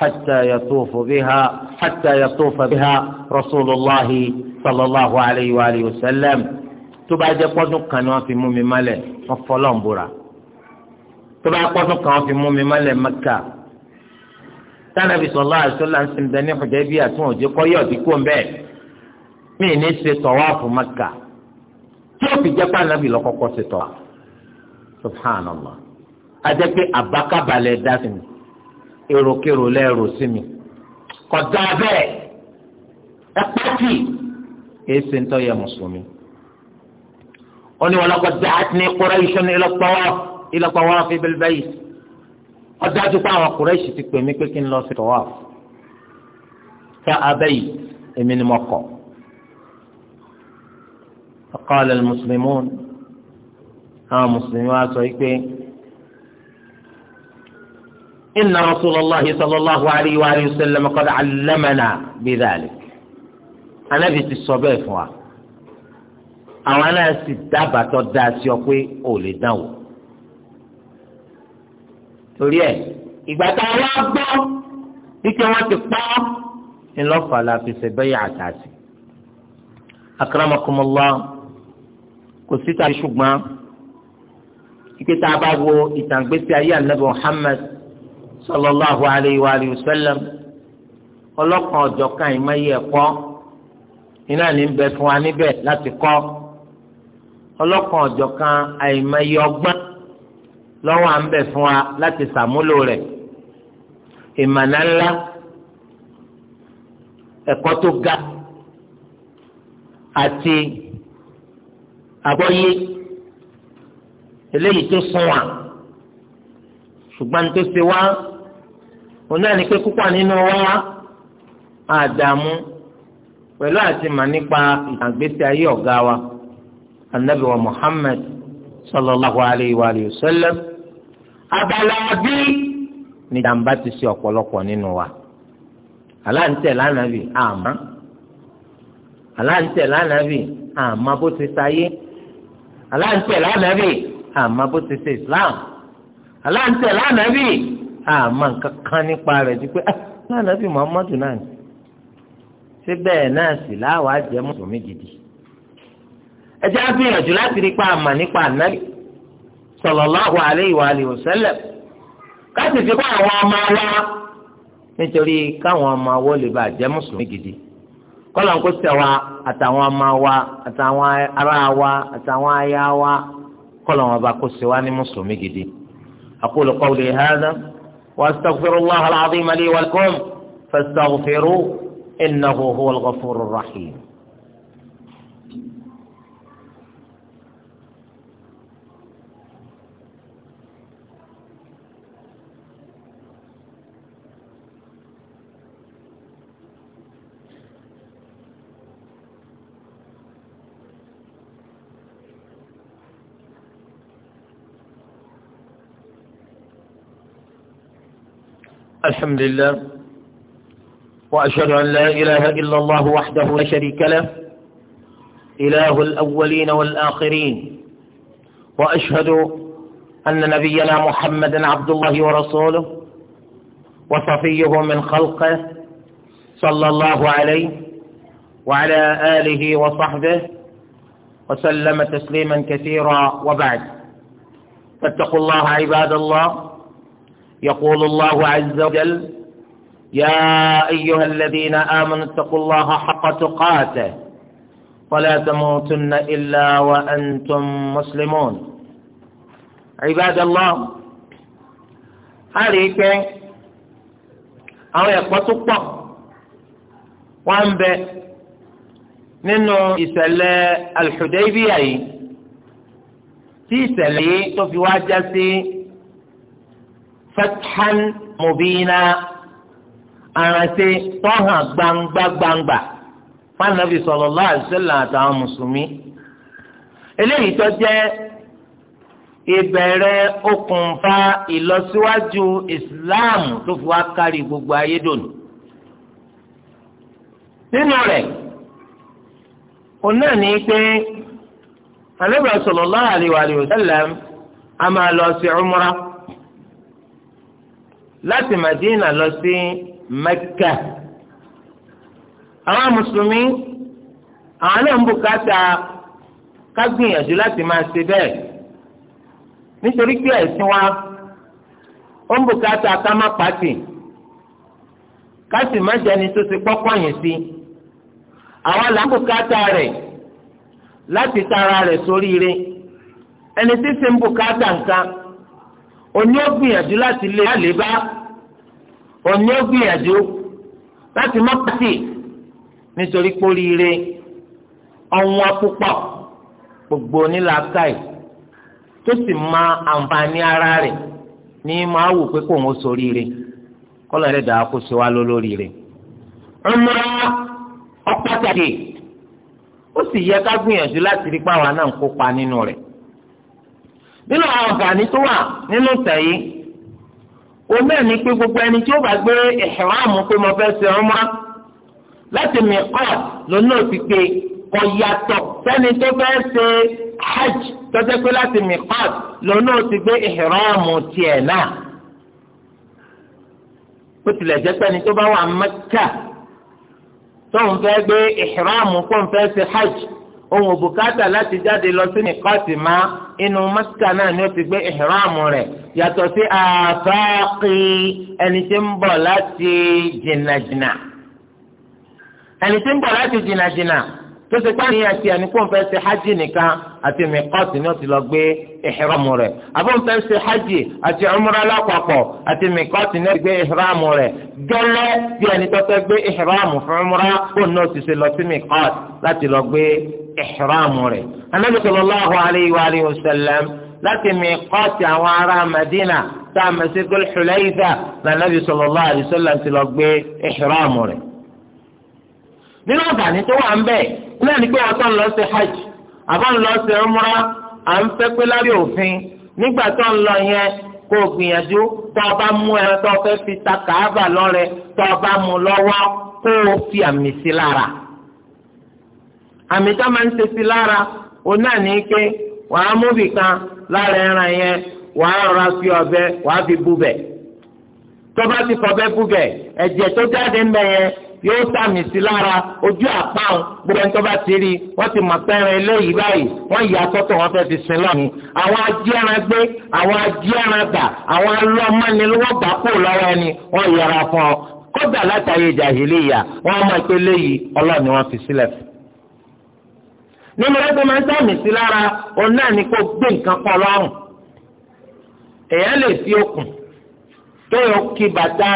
حتى يطوف بها حتى يطوف بها رسول الله صلى الله عليه وآله tó bá jẹ́ pọ́dún kan ni wọ́n fi mú mi málẹ̀ wọ́n fọlọ́n búra tó bá pọ́dún kan wọ́n fi mú mi málẹ̀ Mẹ́kà tánàbí sọlá àṣọlá ń sinmi dání ọ̀jẹ́ bí àtúnwò jẹ́ kọ́ yọ̀ dínkù bẹ́ẹ̀ mí ní ṣe tọ̀wáàfù Mẹ́kà tí ó fi jẹ́ pàànàbí lọ́kọ́kọ́ ṣe tọ̀wá subhanallah ajẹ́ pé àbákàbalẹ̀ dá sí mi èròkèrò lẹ́rù sí mi kọjá bẹ́ẹ̀ ẹ pàtì èsì ń tọ́ yẹ mùsùlùmí ó ní walaqad da'atni Qurayshun ila at-tawaf ila at-tawaf bil-bayt ó dájú pé àwọn Quraysh ti pè mí pé kí n lọ sí tawaf fa abaytu èmi ni mo kọ̀ qala al-muslimun àwọn mùsùlùmí wa sọ pé inna rasulallah sallallahu alayhi wa sallam qad allamana bidhalik anabi ti sọ bẹ́ẹ̀ fún wa àwọn náà sì dábàá tó dáa sí ọ pé ò lè dán wò torí ẹ ìgbà tá a wá gbọ́ ike wọn ti pọ́ ńlọ́fà la fi ṣe bẹ́yà àtàtì akramakumullah kò síta ṣùgbọ́n ike tá a bá wo ìtàngbésí ayé anabi Muhammad sallallahu alayhi wa alihi wa sallam ọlọ́kan ọ̀jọ̀kan ìmọ̀ye ẹ̀kọ́ iná ní bẹ fún wa níbẹ̀ láti kọ́ ọlọ́kan ọ̀jọ̀kan àìmọye ọgbọ́n lọ́wọ́ à ń bẹ̀ fún wa láti sàmúlò rẹ̀ ìmọ̀nà ńlá ẹ̀kọ́ tó ga àti àgbọ́yé eléyìí tó sún wa ṣùgbọ́n tó ṣe wá oní àná pé púpọ̀ nínú wa àdàmú pẹ̀lú àti mà nípa ìtàgbésí ayé ọ̀gá wa anabi wa muhammed sallallahu alayhi wa sallam abala bí ni jàǹbá ti ṣe ọ̀pọ̀lọpọ̀ nínú wa aláǹtẹ̀ lánàbì àmọ́ aláǹtẹ̀ lánàbì àmọ́ bó ti sáyé aláǹtẹ̀ lánàbì àmọ́ bó ti ṣe islam aláǹtẹ̀ lánàbì àmọ́ nǹkan kan nípa rẹ̀ ti pé lánàbì ah, muhammadu náà ni síbẹ̀ náà sì láwàá jẹ́ mùsùlùmí gidi ẹ jẹ́ àgbìyànjú láti rí pa àmà nípa ànábì sallallahu alaihi wa alihi wasallam káàsì fi kọ́ àwọn ọmọ wa nítorí káwọn ọmọ wa lè bá jẹ́ mùsùlùmí gidi kọ́lá ń kó tẹ̀ wa àtàwọn ọmọ wa àtàwọn ará wa àtàwọn aya wa kọ́lá wọn bá kó sí wa ní mùsùlùmí gidi. aqulu qawli hadha wa astaghfirullaha al-azima li wa lakum fastaghfiruhu innahu huwal rahim. الحمد لله وأشهد أن لا إله إلا الله وحده لا شريك له إله الأولين والآخرين وأشهد أن نبينا محمدا عبد الله ورسوله وصفيه من خلقه صلى الله عليه وعلى آله وصحبه وسلم تسليما كثيرا وبعد فاتقوا الله عباد الله يقول الله عز وجل يا أيها الذين آمنوا اتقوا الله حق تقاته ولا تموتن إلا وأنتم مسلمون عباد الله عليك أو يقطق وأنبئ nínú ìṣẹ̀lẹ̀ alḥudaybiyah yìí tí ìṣẹ̀lẹ̀ yìí tó wá fathan mubina aranṣẹ́ tọ́hàn gbangba gbangba fanabi sallallahu alaihi àtàwọn mùsùlùmí eléyìí tó jẹ́ ìbẹ̀rẹ̀ okùnfà ìlọsíwájú ìsìláàmù tó fi wá kárí gbogbo ayé dòní nínú rẹ̀ òun ní pé anabi sallallahu a máa lọ sí umrah. láti Madina lọ sí Mẹ́kà àwọn mùsùlùmí àwọn náà ń bùkátà ká gbìyànjú láti máa ṣe bẹ́ẹ̀ nítorí pé ẹ̀sìn wa ó ń bùkátà ká má pàtì ká sì má jẹni tó ti pọ́pọ́yìn sí àwọn là ń bùkátà rẹ̀ láti tara rẹ̀ sóríire ẹni tí ti ń bùkátà nǹkan òní ó gbìyànjú láti lé àlébá òní ó gbìyànjú láti má pàtì nítorí kórìíre ọ̀wọ́n púpọ̀ gbogbo onílàákàyè tó sì ma àǹfààní ara rẹ̀ ní máa wò pé kò ń ṣoríire kọ́lọ̀ rẹ̀ dàá kó ṣe wá lólóríire. Umra ọ̀pọ̀ ó sì yẹ ká gbìyànjú láti rí pàwọn náà ń kópa nínú rẹ̀ nínú àwọn àǹfààní tó wà nínú tẹ̀ yìí òun náà ní pé gbogbo ẹni tí ó bá gbé ìhìrámù pé mo fẹ́ ṣe ọmọ láti mi kọ́ lónà ti pé kò yàtọ̀ sẹ́ni tó fẹ́ ṣe hajj tọ́jẹ́ pé láti mi kọ́ lónà ti gbé ìhìrámù tiẹ̀ náà ó tilẹ̀ jẹ́ pẹ́ni tó bá wà Mẹ́kà tóun fẹ́ gbé ìhìrámù kó n fẹ́ ṣe hajj ohun òbùkátà láti jáde lọ sí nìkọ́ọ̀tì má inú mọ́síkà náà ni ó ti gbé ìhìrámù rẹ̀ yàtọ̀ sí àfáàkì ẹni tí ń bọ̀ láti jìnnàjìnnà ẹni tí ń bọ̀ láti jìnnàjìnnà tó ṣe pé àníyàn ti àní kó n fẹ́ ṣe hajj nìkan àti mìkọ́ọ̀tì ni ó ti lọ gbé ìhìrámù rẹ̀ àbó n fẹ́ ṣe hajj àti umra lápapọ̀ àti mìkọ́ọ̀tì ni ó ti gbé ìhìrámù rẹ̀ gẹ́lẹ́ bí ẹni tó fẹ́ gbé ìhìrámù fún umra kó náà ti ṣe lọ sí mìkọ́ọ̀tì láti lọ gbé ìḥram rẹ̀ anabi sallallahu alayhi wa alihi wa sallam láti miqaati àwọn ará madina tá a mọ̀ sí Dhul Hulayfa lànàbi sallallahu alayhi wa sallam ti lọ gbé ìḥram rẹ̀ nínú àǹfààní tó wà ń bẹ̀ náà ni pé ọtọ́ ń lọ sí hajj àbá ń lọ sí umra à ń fẹ́ pé lábẹ́ òfin nígbà tó ń yẹn kó o gbìyànjú tó o bá mú ẹran tó o fẹ́ fi ta kàába lọ́rẹ tó o bá mú lọ́wọ́ kó o fi àmì sí lára. àmì tá máa ń ṣe sí lára òun náà ní wàá kan lára ẹran yẹn wàá rọra fi ọ̀bẹ wàá fi bú ti fọbẹ bú bẹ̀ ẹ̀jẹ̀ tó jáde ń bẹ yẹn yóò sàmì sí lára ojú àpáwọn gbogbo ẹni tó bá ti rí wọn ti mọ pẹ́ẹ́rẹ́ eléyìí báyìí yà wọn fi sin àwọn ajíẹran gbé àwọn ajíẹran gbà ọ kódà látàyè fi fún. nínú rẹ tó máa ń sàmì sí lára òun náà ni kó gbé nǹkan kan lọ́rùn èèyàn lè fi okùn kéèyàn kí bàtà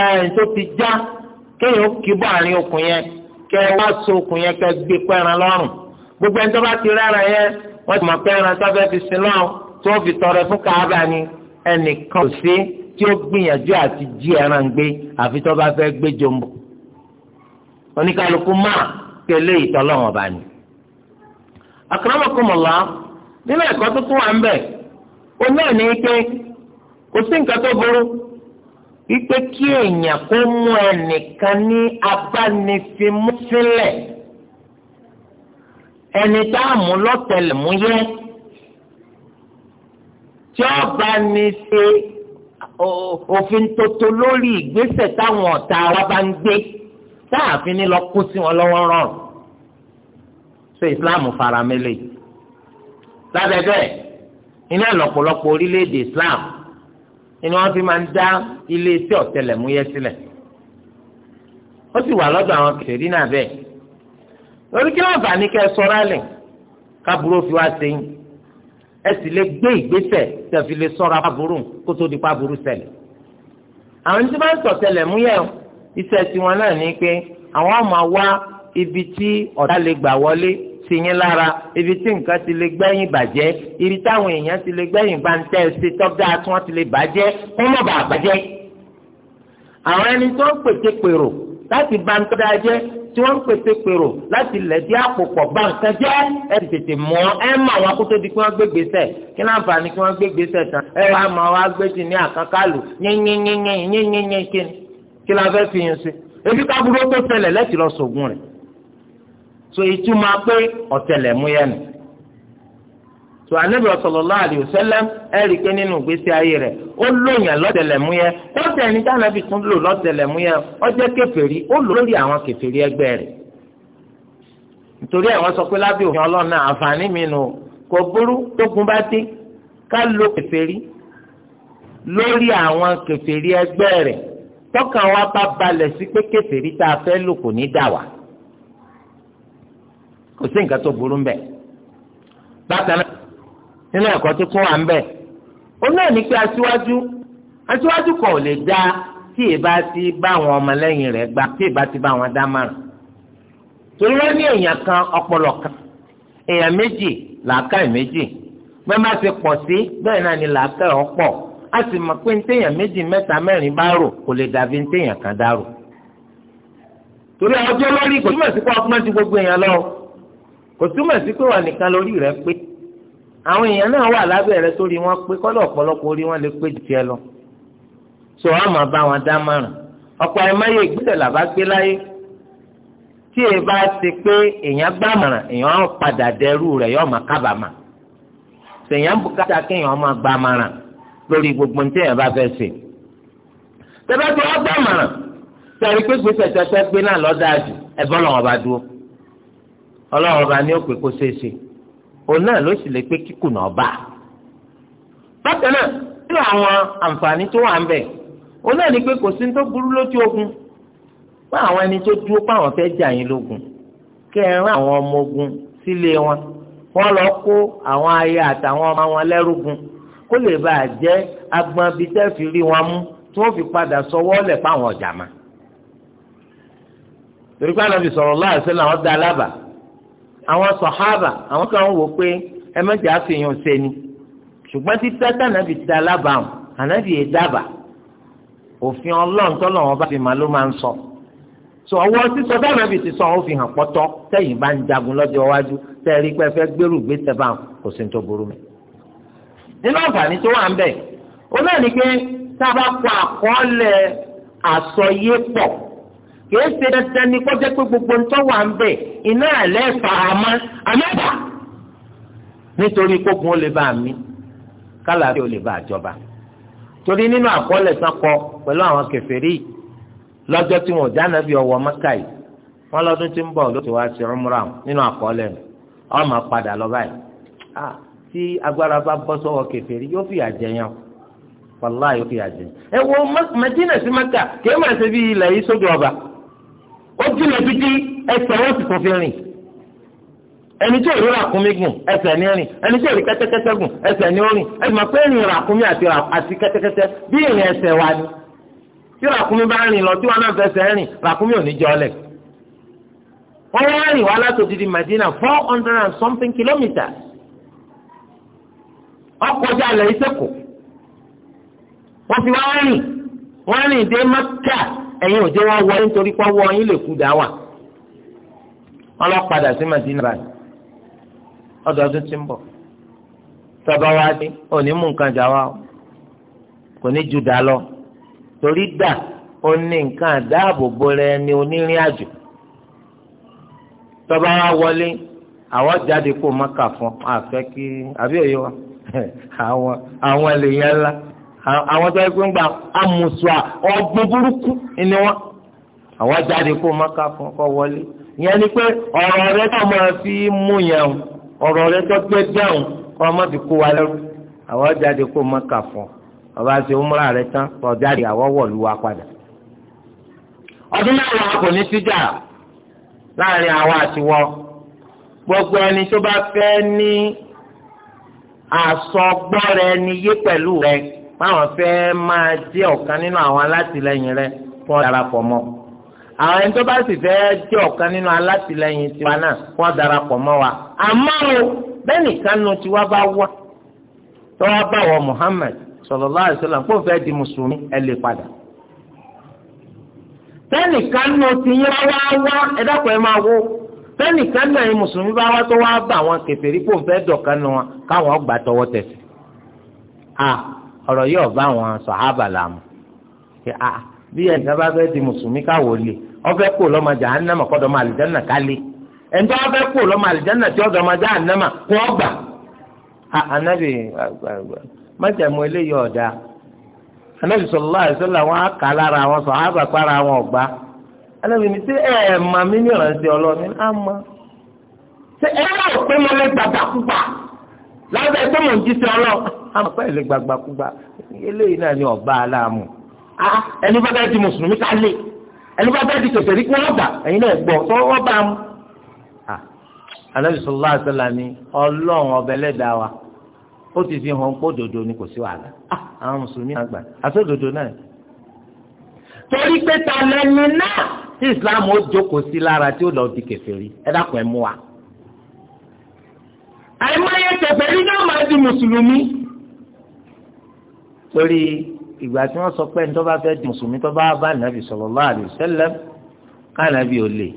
ẹ̀ẹ́n tó ti já kéèyàn kí bọ́ àárín okùn yẹn kẹ wá so okùn yẹn kẹ gbé pẹ́ran lọ́rùn gbogbo ẹni tó bá ti rárá yẹn wọ́n ti mọ̀ pẹ́ran sáfẹ́ fi sin lọ́rùn tí fi tọrẹ fún kàábà ni ẹnìkan ò sí tí ó gbìyànjú àti jí ẹran gbé àfi tó bá fẹ́ gbé jombo oníkàlùkù máa kẹlẹ́ ìtọ́lọ́wọ̀n bá ní akramakumullah nínú ẹ̀kọ́ tó tún wà ń bẹ̀ ó náà ní pé kò sí nǹkan tó burú wípé kí èèyàn kó mú ẹnìkan ní abánifimúsílẹ̀ ẹni tá a mú lọ́tẹlẹ̀múyẹ́ tí ó bá ní ṣe òfin tuntun lórí ìgbésẹ̀ táwọn ọ̀tá wa bá ń gbé tá a fi ní lọ kó sí wọn lọ́wọ́ rọrùn so islam faramẹlẹ lábẹbẹ iná lọ́pọ̀lọpọ̀ orílẹ̀-èdè islam ni wọ́n fi máa ń dá iléeṣẹ́ ọ̀tẹlẹ̀múyẹ́ sílẹ̀ ó sì wà lọ́dọ̀ àwọn kẹfẹẹrí náà bẹ́ẹ̀ lórí kí wọ́n bá ní kẹ sọ̀rọ̀ alẹ kábúrò fi wá sẹ́yìn ẹ sì lè gbé ìgbésẹ̀ tẹfì lè ṣọ́ra aburú kó tó di paburú ṣẹlẹ̀ àwọn tí wọ́n ń sọ̀tẹlẹ̀múyẹ́ iṣẹ́ tiwọn náà ni pé àwọn máa wá ibi tí ọ̀tá lè gbà wọlé sí yín lára ibi tí nǹkan ti lè gbẹ̀yìn bàjẹ́ ibi táwọn èèyàn ti lè gbẹ̀yìn bá ń tẹ́ ẹ sí tọ́gá tí wọ́n ti lè bàjẹ́ wọ́n mọ̀ bàá bàjẹ́. àwọn ẹni tó ń pète pèrò láti bá ń tọ́jà jẹ́ tí wọ́n ń pète pèrò láti lẹ̀ dí àpòpọ̀ bá nǹkan jẹ́ ẹ ti tètè mọ́ ẹ mọ̀ àwọn akótó di kí wọ́n gbé gbèsè kí náà fà ní kí wọ́n gbé gbèsè tán ẹ wá mọ̀ wá gbé ti ní àkànkálù yínyínyínyínyínyínyín kí ni kí la fẹ́ yín sí so ìtumọ̀ pé ọ̀tẹlẹ̀múyẹ́ nù so anabi sallallahu alayhi wa sallam ẹ̀rí pé nínú ìgbésí ayé rẹ̀ ó lóyìn lọ́tẹlẹ̀múyẹ́ ó tẹ̀ ní tànàbí tún lò lọ́tẹlẹ̀múyẹ́ ó jẹ́ kèfèrí ó lò lórí àwọn kèfèrí ẹgbẹ́ rẹ̀ nítorí ẹ̀ wọ́n sọ pé lábẹ́ òfin ọlọ́run náà àǹfààní mi nù kò burú tógun bá dé ká lo kèfèrí lórí àwọn kèfèrí ẹgbẹ́ rẹ̀ tọ́kàn wa bá balẹ̀ sí pé kèfèrí tá a fẹ́ lò kò ní dà wá kò sí nǹkan tó burú mbẹ bákan náà nínú ẹ̀kọ́ tó tún wà mbẹ ó náà ní pé aṣíwájú aṣíwájú kan ò lè dá tí ìbá ti bá àwọn ọmọlẹ́yìn rẹ̀ gbà tí ìbá ti bá àwọn dámàràn torí wọn ní èèyàn kan ọpọlọ kan èèyàn méjì làákàyè méjì bẹ́ẹ̀ má ti pọ̀ sí bẹ́ẹ̀ náà ni làákàyè ọ̀pọ̀ a sì mọ̀ pé ntẹ̀yàn méjì mẹ́ta mẹ́rin bá rò kò lè dàbí ntẹ̀yàn kan dá rò torí ọjọ́ lórí kò túmọ̀ sí pé ọkùnrin ti gbogbo èèyàn lọ kò túmọ̀ sí pé wà nìkan lórí rẹ pé àwọn èèyàn náà wà lábẹ́ rẹ sórí wọn pé kọ́lọ̀ ọ̀pọ̀lọpọ̀ orí wọn lè pé jù tiẹ lọ so wọn máa bá wọn dá márùn ọ̀pọ̀ ẹ̀máyé ìgbésẹ̀ làbá gbé láyé tí èyí bá ti pé èèyàn gbá mọ̀ràn èèyàn padà dẹrú rẹ̀ yóò máa kábàámà sèèyàn bùkátà kéèyàn máa gbá lórí gbogbo ní téèyàn bá fẹ́ ṣe tẹ́lẹ̀ tí wọ́n gbá ọlọ́run ọba ní òpè kó ṣeéṣe òun náà ló sì lè pé kíkùnà ọba bákan náà nínú àwọn àǹfààní tó wà ń bẹ òun náà ni pé kò sí ní tó burú lójú ogun fún àwọn ẹni tó dúró páwọn fẹ́ jà yín lógun kẹ́ ẹ rán àwọn ọmọ ogun sílé wọn wọ́n lọ kó àwọn aya àtàwọn ọmọ wọn lẹ́rúgun kó lè bàa jẹ́ agbọn bíi tẹ́ fi rí wọn mú tí wọ́n fi padà sọwọ́ lẹ̀ fáwọn ọ̀jà ma. torí pé ànábì sọ̀rọ̀ láàṣẹ làwọn dá alábàá àwọn sọ̀hábà àwọn kan wò pé ẹ mẹ́jẹ̀ á fi yàn sẹ́ni ṣùgbọ́n tí tẹ́tẹ́ ànábì ti da lábàáhùn ànábì yẹn dábàá òfin ọlọ́run tọ́lọ̀ wọn bá fi máa ló máa ń sọ sọ ọwọ́ sísọ tí ànábì ti sọ wọn fi hàn pọ́tọ́ tẹ́yìn bá ń jagun lọ́jọ́ iwájú tẹ́ẹ̀rí pé fẹ́ gbèrú gbé tẹ́bà kò sí tó burú mi. nínú àǹfààní tó wà ń bẹ̀ ó náà ní pé tá kọ àkọọ́lẹ̀ àsọyé pọ̀ kìí ṣe dandan ni kọjá pé gbogbo ńtọ́ wà ń bẹ̀ iná àlẹ́ fàámà àmẹ́bà nítorí kókun ó lè bá mi kálàfíà ó lè bá àjọba torí nínú àkọọ́lẹ̀ sánkọ pẹ̀lú àwọn kèfèrí lọ́jọ́ tí wọn jáná bí ọwọ́ yìí lọ́dún tí ń bọ̀ ló ti wá sí ọmúra nínú àkọọ́lẹ̀ ọmọ padà lọ báyìí tí agbára bá bọ́ sọ́wọ́ kèfèrí yóò yóò ẹ wo sí ọba. ó jìnà títí ẹsẹ̀ wọn sì tún fi rìn ẹni tí ò rí ràkúnmí gùn ẹsẹ̀ ní rìn ẹni tí ò rí kẹ́tẹ́kẹ́tẹ́ gùn ẹsẹ̀ ní rìn ẹ mọ̀ pé ìrìn ràkúnmí àti kẹ́tẹ́kẹ́tẹ́ bí ìrìn ẹsẹ̀ wa ni tí ràkúnmí bá rìn lọ tí wọn náà fẹsẹ̀ rìn ràkúnmí ò ní jọlẹ̀ wọ́n wá rìn wá látòdìdí Madina four hundred and something kilometres ọkọjá lẹ́yìn sẹ́kù wọ́n fi wá rìn wọ́n rìn dé Mẹ́kà. ẹ̀yin ò jẹ́ wọ́n wọlé nítorí pé wọ́n yín lè kú dá wà wọ́n lọ padà sí Madina báyìí ọdọ̀ ọdún tí ń bọ̀ tọba wa dé òní mú nǹkan jà wá kò ní ju dà lọ torí dà ó ní nǹkan àdáàbòbò rẹ ni onírìn àjò tọba wa wọlé àwọn jáde kó má kà fún àfẹ kí àbí òye wa àwọn àwọn lèèyàn ńlá àwọn tó yẹ kó ń gba amùsùà ọgbọ́n burúkú ni wọ́n àwọn jáde kó maka fún kọ́ wọlé ìyẹn ni pé ọ̀rọ̀ rẹ tó máa fi mú yẹn ọ̀rọ̀ rẹ tó gbé dáhùn kọ́ má fi kó wa lẹ́rú àwọn jáde kó maka fún ọba ṣe umra rẹ tán kọ́ jáde àwọn wọ̀lú wa padà. ọdún mẹ́wàá kò ní síjà láàrin àwọn àtiwọ́ gbogbo ẹni tó bá fẹ́ ní àsọgbọ́n rẹ ni yé pẹ̀lú rẹ. báwọn fẹ́ máa jẹ́ ọ̀kan nínú àwọn alátìlẹyìn rẹ fún mọ́ àwọn ẹni tó bá sì fẹ́ jẹ́ ọ̀kan nínú alátìlẹyìn tiwa náà fún darapọ̀ mọ́ wa àmọ́ o bẹ́ẹ̀ nìkan nu tiwa bá wá tọ́wọ́ báwọ̀ muhammed Muhammad sallallahu kó fẹ́ di mùsùlùmí ẹ lè padà tẹ́nìkan nu wá wá ẹ dákun ẹ máa wó tẹ́nìkan náà ẹ̀yin mùsùlùmí bá wá tó wá bá wọn káwọn ọ̀rọ̀ yóò bá àwọn sàhábà làmù a bí ẹ̀ka bá di mùsùlùmí káwọ́ lè ọfẹ́ kó lọ́mọ jahannama kọ́dọ̀ máa àlìjánà kálí ẹ̀ńtọ́ ọfẹ́ kó lọ́mọ àlìjánà tí ọ̀dọ̀ máa jahannama kó ọgbà. anabi májàmú eléyìí ọ̀dà anabi àwọn lára àwọn àwọn anabi ní sẹ ẹ mà mí ní tó ń jí sí ọlọ́ọ̀ àmọ́ pẹ́ lè gbàgbàkúgbà eléyìí náà ni ọba aláàmù ah, ẹni bá bẹ́ẹ̀ di mùsùlùmí ká lé ẹni bá bẹ́ẹ̀ di kẹsẹ̀ rí kí wọ́n gbà ẹ̀yin náà gbọ́ tó wọ́n bá mu. alábìsọ̀ lọ́wọ́ àtàlà ni ọlọ́run ọbẹ̀ lẹ́dàá wa ó ti fi hàn pé òdodo ni kò sí wàhálà ah, àwọn mùsùlùmí náà gbà àti òdodo náà. torí pé ta lẹni náà tí islam ó jókòó sí lára tí ó lọ di kẹsẹ̀ rí ẹ dákun ẹ mú wa. àìmọye kẹsẹ̀ rí náà máa di mùsùlùmí torí ìgbà tí wọ́n sọ pé ní tó bá fẹ́ di mùsùlùmí tó bá bá nàbì sallallahu alaihi wasallam kánàbì ò lè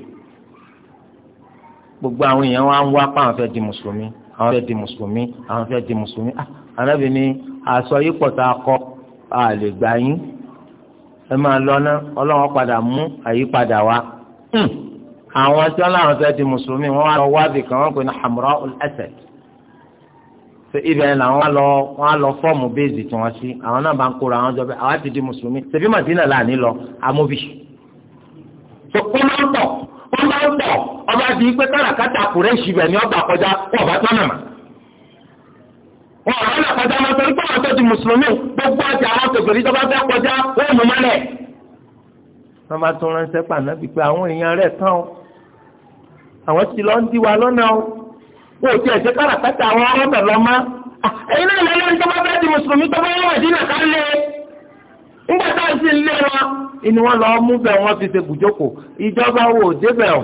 gbogbo àwọn èèyàn wa ń wá pa àwọn fẹ́ di mùsùlùmí àwọn fẹ́ di mùsùlùmí àwọn fẹ́ di mùsùlùmí ah, ànábì ni àṣọ yìí pọ̀ tá a kọ a lè gbà yín ẹ máa lọ ná ọlọ́run padà mú àyípadà wa hmm. àwọn tí wọ́n láwọn fẹ́ di mùsùlùmí wọ́n wá lọ wá bìkan wọ́n pè ní ṣe ibẹ̀ làwọn lọ wọn lọ fọ́ọ̀mù béèzì tí wọ́n sí àwọn náà bá ń kóra àwọn jọba àwa ti di mùsùlùmí ṣèbí màdínà láàánú lọ amóbi. ṣùkú máa ń tọ̀ ó máa ń tọ̀ ọba di pé káràkátà kùrẹ́ṣì bẹ̀ ni ọba kọjá wọn bá tọ́nà mà. wọn ò rán àkọjá máa torí pé àwọn tó di mùsùlùmí gbogbo àti àwọn tòkèrè tó bá fẹ́ kọjá wọn mú mọ́lẹ̀. wọ́n bá tún ránṣẹ́ pàǹdà bíi pé àwọn èèyàn rẹ̀ tán o àwọn ti lọ ń dí wa lọ́nà o. wọn ò tiẹ̀ ṣe káràkátà àwọn ọ̀rọ̀ lọ mọ́. Ah, ẹ̀yin náà bẹ́ẹ̀ di mùsùlùmí tọ́ba wọn wà dínà ká lé ńgbà tá a sì lé wọn. ìní wọn lọ mú bẹ wọn fi ṣe bùjókò ìjọba wo ò o.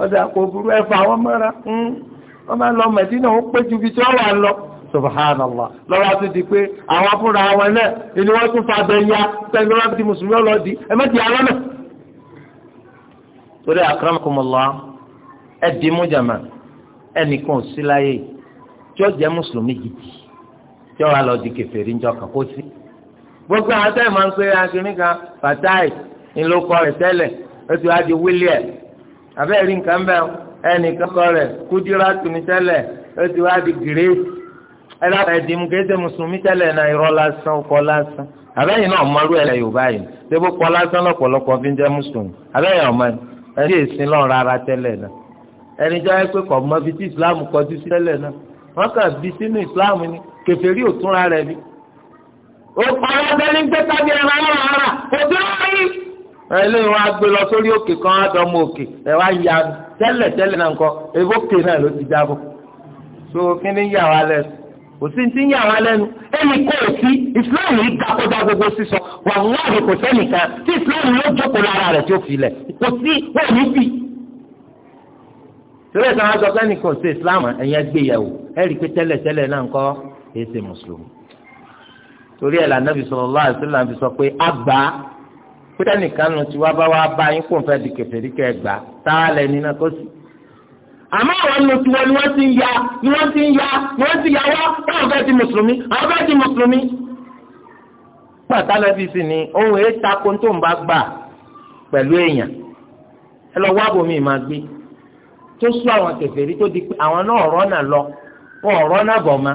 ọ̀dà kò burú ẹ̀fọ́ àwọn mọ́ra hmm. wọ́n máa lọ mẹ̀dínà ó pé ju ibi tí wọ́n wà fa ẹdín mújàmá ẹnìkan ò tí ó jẹ́ mùsùlùmí gidi tí ó wà lọ di kèfèrí ńjọ́ kan gbogbo àwọn máa ń pe akínní kan fatai ńlọkọ di nǹkan bẹ́ẹ̀ ẹnìkan kọ rẹ̀ kúdírátù ní tẹ́lẹ̀ ó di gírèsì mú kéde mùsùlùmí tẹ́lẹ̀ náà irọ́ lásán kọ́ lásán àbẹ́yìn náà mọ́rú ẹ̀ yorùbá yìí kọ́ lásán lọ́pọ̀lọpọ̀ fi ń jẹ́ mùsùlùmí ẹni tó yẹ pé kọ̀ mọ́ bí tí islam kọjú sí tẹ́lẹ̀ náà wọ́n kàn bí sínú islam ni kèfèrí ò túnra rẹ̀ bí. ó parí ọbẹ̀ ní gbé tàbí ẹ̀rọ ọ̀rọ̀ ọ̀rọ̀ kò tó rí. ẹlẹ́yìn wọn á gbé lọ sórí òkè kan á dán mọ́ òkè ẹ̀ wá ya tẹ́lẹ̀ tẹ́lẹ̀ náà nǹkan ebó kè náà ló ti jábọ̀. so kí ni yà wá lẹ́nu kò sí ti ń yà wá lẹ́nu ẹnì kò sí islam yìí kakọ́dá gbogbo sísọ wàhùn wàhùn kò sẹ́nìkan tí islam yóò jókòó lára rẹ̀ tó filẹ̀ kò sí wọ́n ní bì tẹ́lẹ̀ tí wọ́n sọ pé ṣe islam ẹ̀yẹn gbéyàwó ẹ̀ rí i pé tẹ́lẹ̀ tẹ́lẹ̀ náà ń kọ́ ẹ̀ ṣe mùsùlùmí. torí là nàbì sọ pé àgbà pété nìkan nù tí wọ́n bá wá bá yín kó n di tá a nínú kó ya ni wọ́n ti ń ya ni wọ́n ti ya báwọn fẹ́ di mùsùlùmí àwọn fẹ́ di mùsùlùmí. pàtà nàbì sì ni ohun èé ta tó ń bá tó sún àwọn kèfèrí tó di pé àwọn náà ọ̀rọ̀ náà lọ wọn ọ̀rọ̀ náà bọ̀ ma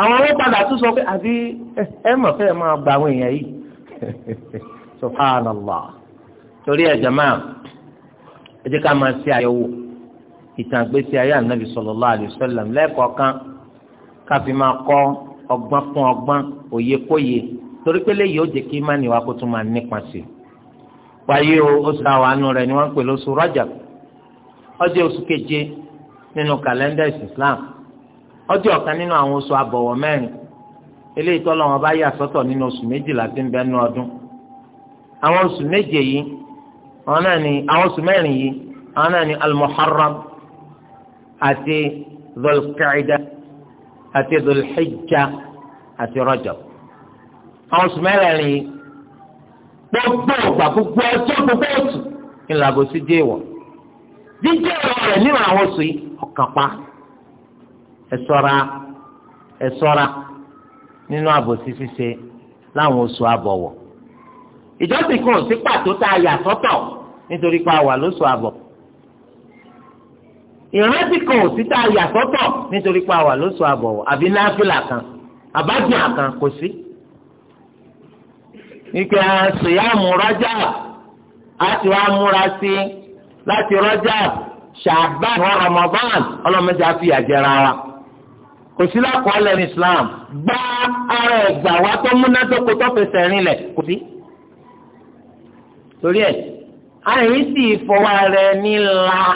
àwọn ọ̀rọ̀ padà tún sọ pé àbí ẹ mọ̀ fẹ́ máa gba àwọn èèyàn yìí subhanallah torí ẹ̀ jama ẹ jẹ́ ká máa ṣe àyẹ̀wò ìtàn ìgbésí ayé ànábì sallallahu alaihi wasallam lẹ́ẹ̀kọ̀ọ̀kan káfí máa kọ́ ọgbọ́n fún ọgbọ́n òye kóye torí pé léyìí ó jẹ́ kí má níwá kó tún máa nípa sí i wáyé o oṣù àwọn àánú rẹ̀ ni wọ́n ń pè lóṣù Rajab ọjọ́ oṣù keje nínú kàlẹ́ndà Islam ọjọ́ ọ̀kan nínú àwọn oṣù àbọ̀wọ̀ mẹ́rin eléyìí tọ́lọ́ wọn bá yà sọ́tọ̀ nínú oṣù méjìlá tí ń bẹ nínú ọdún àwọn oṣù méje yìí àwọn náà ni àwọn oṣù mẹ́rin yìí àwọn náà ni al-Muharram àti Dhul-Qa'ida àti Dhul-Hijja àti Rajab àwọn oṣù mẹ́rẹ̀ẹ̀rin yìí gbogbo ìgbà gbogbo ọjọ́ gbogbo oṣù ńlá bó dé wọ̀ jíjẹ́ rẹ̀ nínú àwọn oṣù yìí ọkàn pa ẹ ṣọ́ra ẹ ṣọ́ra nínú àbòsí ṣíṣe láwọn oṣù àbọ̀wọ̀ ìjọsìn kan sí pàtó tá a yà sọ́tọ̀ nítorí pé a wà lóṣù àbọ̀ ìrántí kan ò sí tá a yà sọ́tọ̀ nítorí pé wà lóṣù àbọ̀ àbí náfìlà kan àbájá kan kò sí. ìpè àṣeyàmù rájà àti wàá múra sí i. láti Rajab Ṣàbán wọn Ramadan ọlọ́mọdé àfihà jẹra wa kò sí lákọọ́lẹ̀ ní Islam gbá ara ẹgbà wa tó múnádóko tó fẹsẹ̀ rinlẹ̀ kò sí. torí ẹ̀ àìrí sì fọwọ́ rẹ níla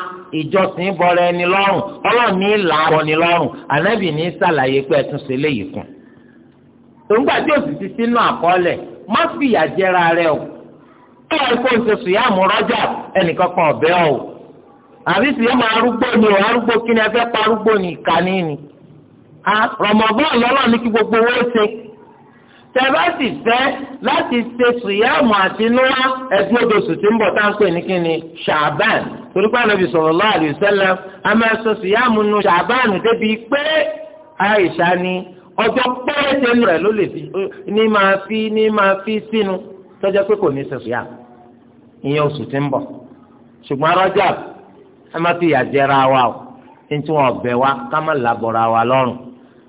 ìjọsìn bọ̀rẹ̀ ẹni lọ́rùn ọlọ́run ní ìlà àbọ̀ ni lọ́rùn ànábì ní sàlàyé pé ẹtún ṣe léyìí kù. tòǹgbà tí òsì ti sínú àkọọ́lẹ̀ má fìyà jẹra rẹ o kí wọn kó oṣù sùyàmù rọjà ẹnìkan kan ọbẹ ọ àbí sùyàmù arúgbó ni o arúgbó kí ni ẹ fẹ́ pa arúgbó ni ìkànnì ni rọmọbọ́ọ̀ lọ́lọ́ ní kí gbogbo owó ṣe tẹ̀bá sì fẹ́ láti ṣe sùyàmù àtinúwá ẹ̀dún odòṣù tí ń bọ̀ tá à ń pè ní kíni ṣàbán torí pé ànábì sallallahu alaihi wasallam a máa sọ sùyàmù nu ṣàbán débi pé àìsàn ni ọjọ́ pẹ́ẹ́tẹ́ nù tọ́jọ́ pé kò ní ṣe sùúyà ìyẹn oṣù tí ń bọ̀ ṣùgbọ́n rọ́jà ẹ má fi ìyà wa o ní tí wọn ọbẹ̀ wa ká má làbọ̀ra wa lọ́rùn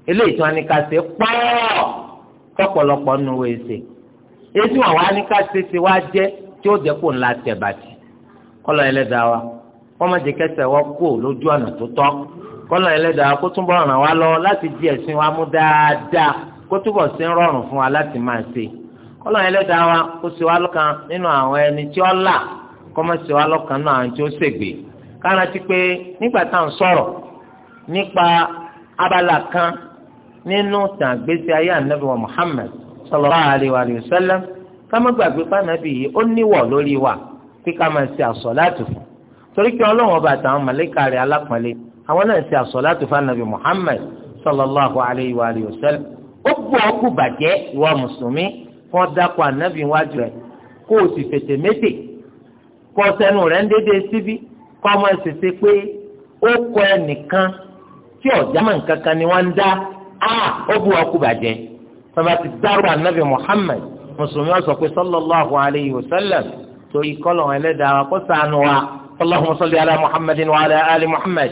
eléyìí tí wọn ní ká ṣe pọ́ọ́ tọ́pọ̀lọpọ̀ nù wọ́n ṣe èyí tí wọn wá ní ká ṣe ṣe wá jẹ́ tí ó dẹ́kun ńlá tẹ̀ bàtì kọ́lọ̀ ẹlẹ́dàá wa wọ́n má jẹ́ kẹsẹ̀ wọ́n kú lójú ọ̀nà tó tọ́ kọ́lọ̀ ẹlẹ́dàá kó túnbọ̀ ràn wá lọ láti di ẹ̀sìn wa mú dáadáa kó túbọ̀ sí ń rọrùn fún wa láti máa ṣe ọlọ́run ẹlẹ́dàá wa kó sì wá lọ́kàn nínú àwọn ẹni tí ó là kọ́mọ́ sì wá lọ́kàn nínú àwọn tí ó ṣègbè kára ti pé nígbà tá sọ̀rọ̀ nípa abala kan nínú tàgbésí ayé ànábì wa Muhammad sallallahu alaihi wa sallam ká má gbàgbé pànàbí yìí ó níwọ̀ lórí wa kí ká máa ṣe àsọ̀láàtù fún torí pé ọlọ́run ọba àtàwọn màlẹ́kà rẹ̀ alápọ̀nlé àwọn náà ṣe àsọ̀láàtù fún ànábì Muhammad sallallahu alaihi wa sallam ó gbọ́ ọkù ìwà mùsùlùmí kọ́ dákọ̀ ànábì wájú rẹ̀ kó o sì fètè mété kọ́ sẹ́nu rẹ̀ ń dédé síbí kọ́ ọmọ ìṣẹ̀ṣẹ̀ pé ó kọ ẹnìkan tí ọ̀já mọ̀ nǹkan kan ni wọ́n ń dá a ó bu ọkú bàjẹ́ bàbá ti dárò ànábì Muhammad mùsùlùmí ọ̀sọ̀ pé sallallahu alayhi wa sallam torí kọ́lọ̀ ẹlẹ́dàá wa kó sànù wa allahumma salli ala muhammadin wa ala muhammad.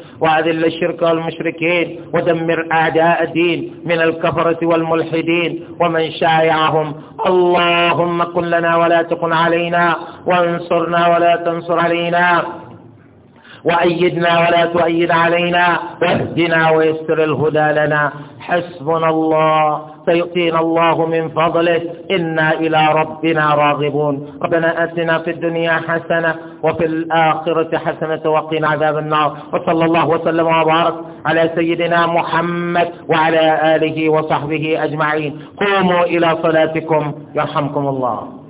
وأذل الشرك والمشركين ودمر أعداء الدين من الكفرة والملحدين ومن شايعهم اللهم كن لنا ولا تكن علينا وانصرنا ولا تنصر علينا وأيدنا ولا تؤيد علينا واهدنا ويسر الهدى لنا حسبنا الله سيؤتينا الله من فضله إنا إلى ربنا راغبون ربنا أتنا في الدنيا حسنة وفي الآخرة حسنة وقنا عذاب النار وصلى الله وسلم وبارك على سيدنا محمد وعلى آله وصحبه أجمعين قوموا إلى صلاتكم يرحمكم الله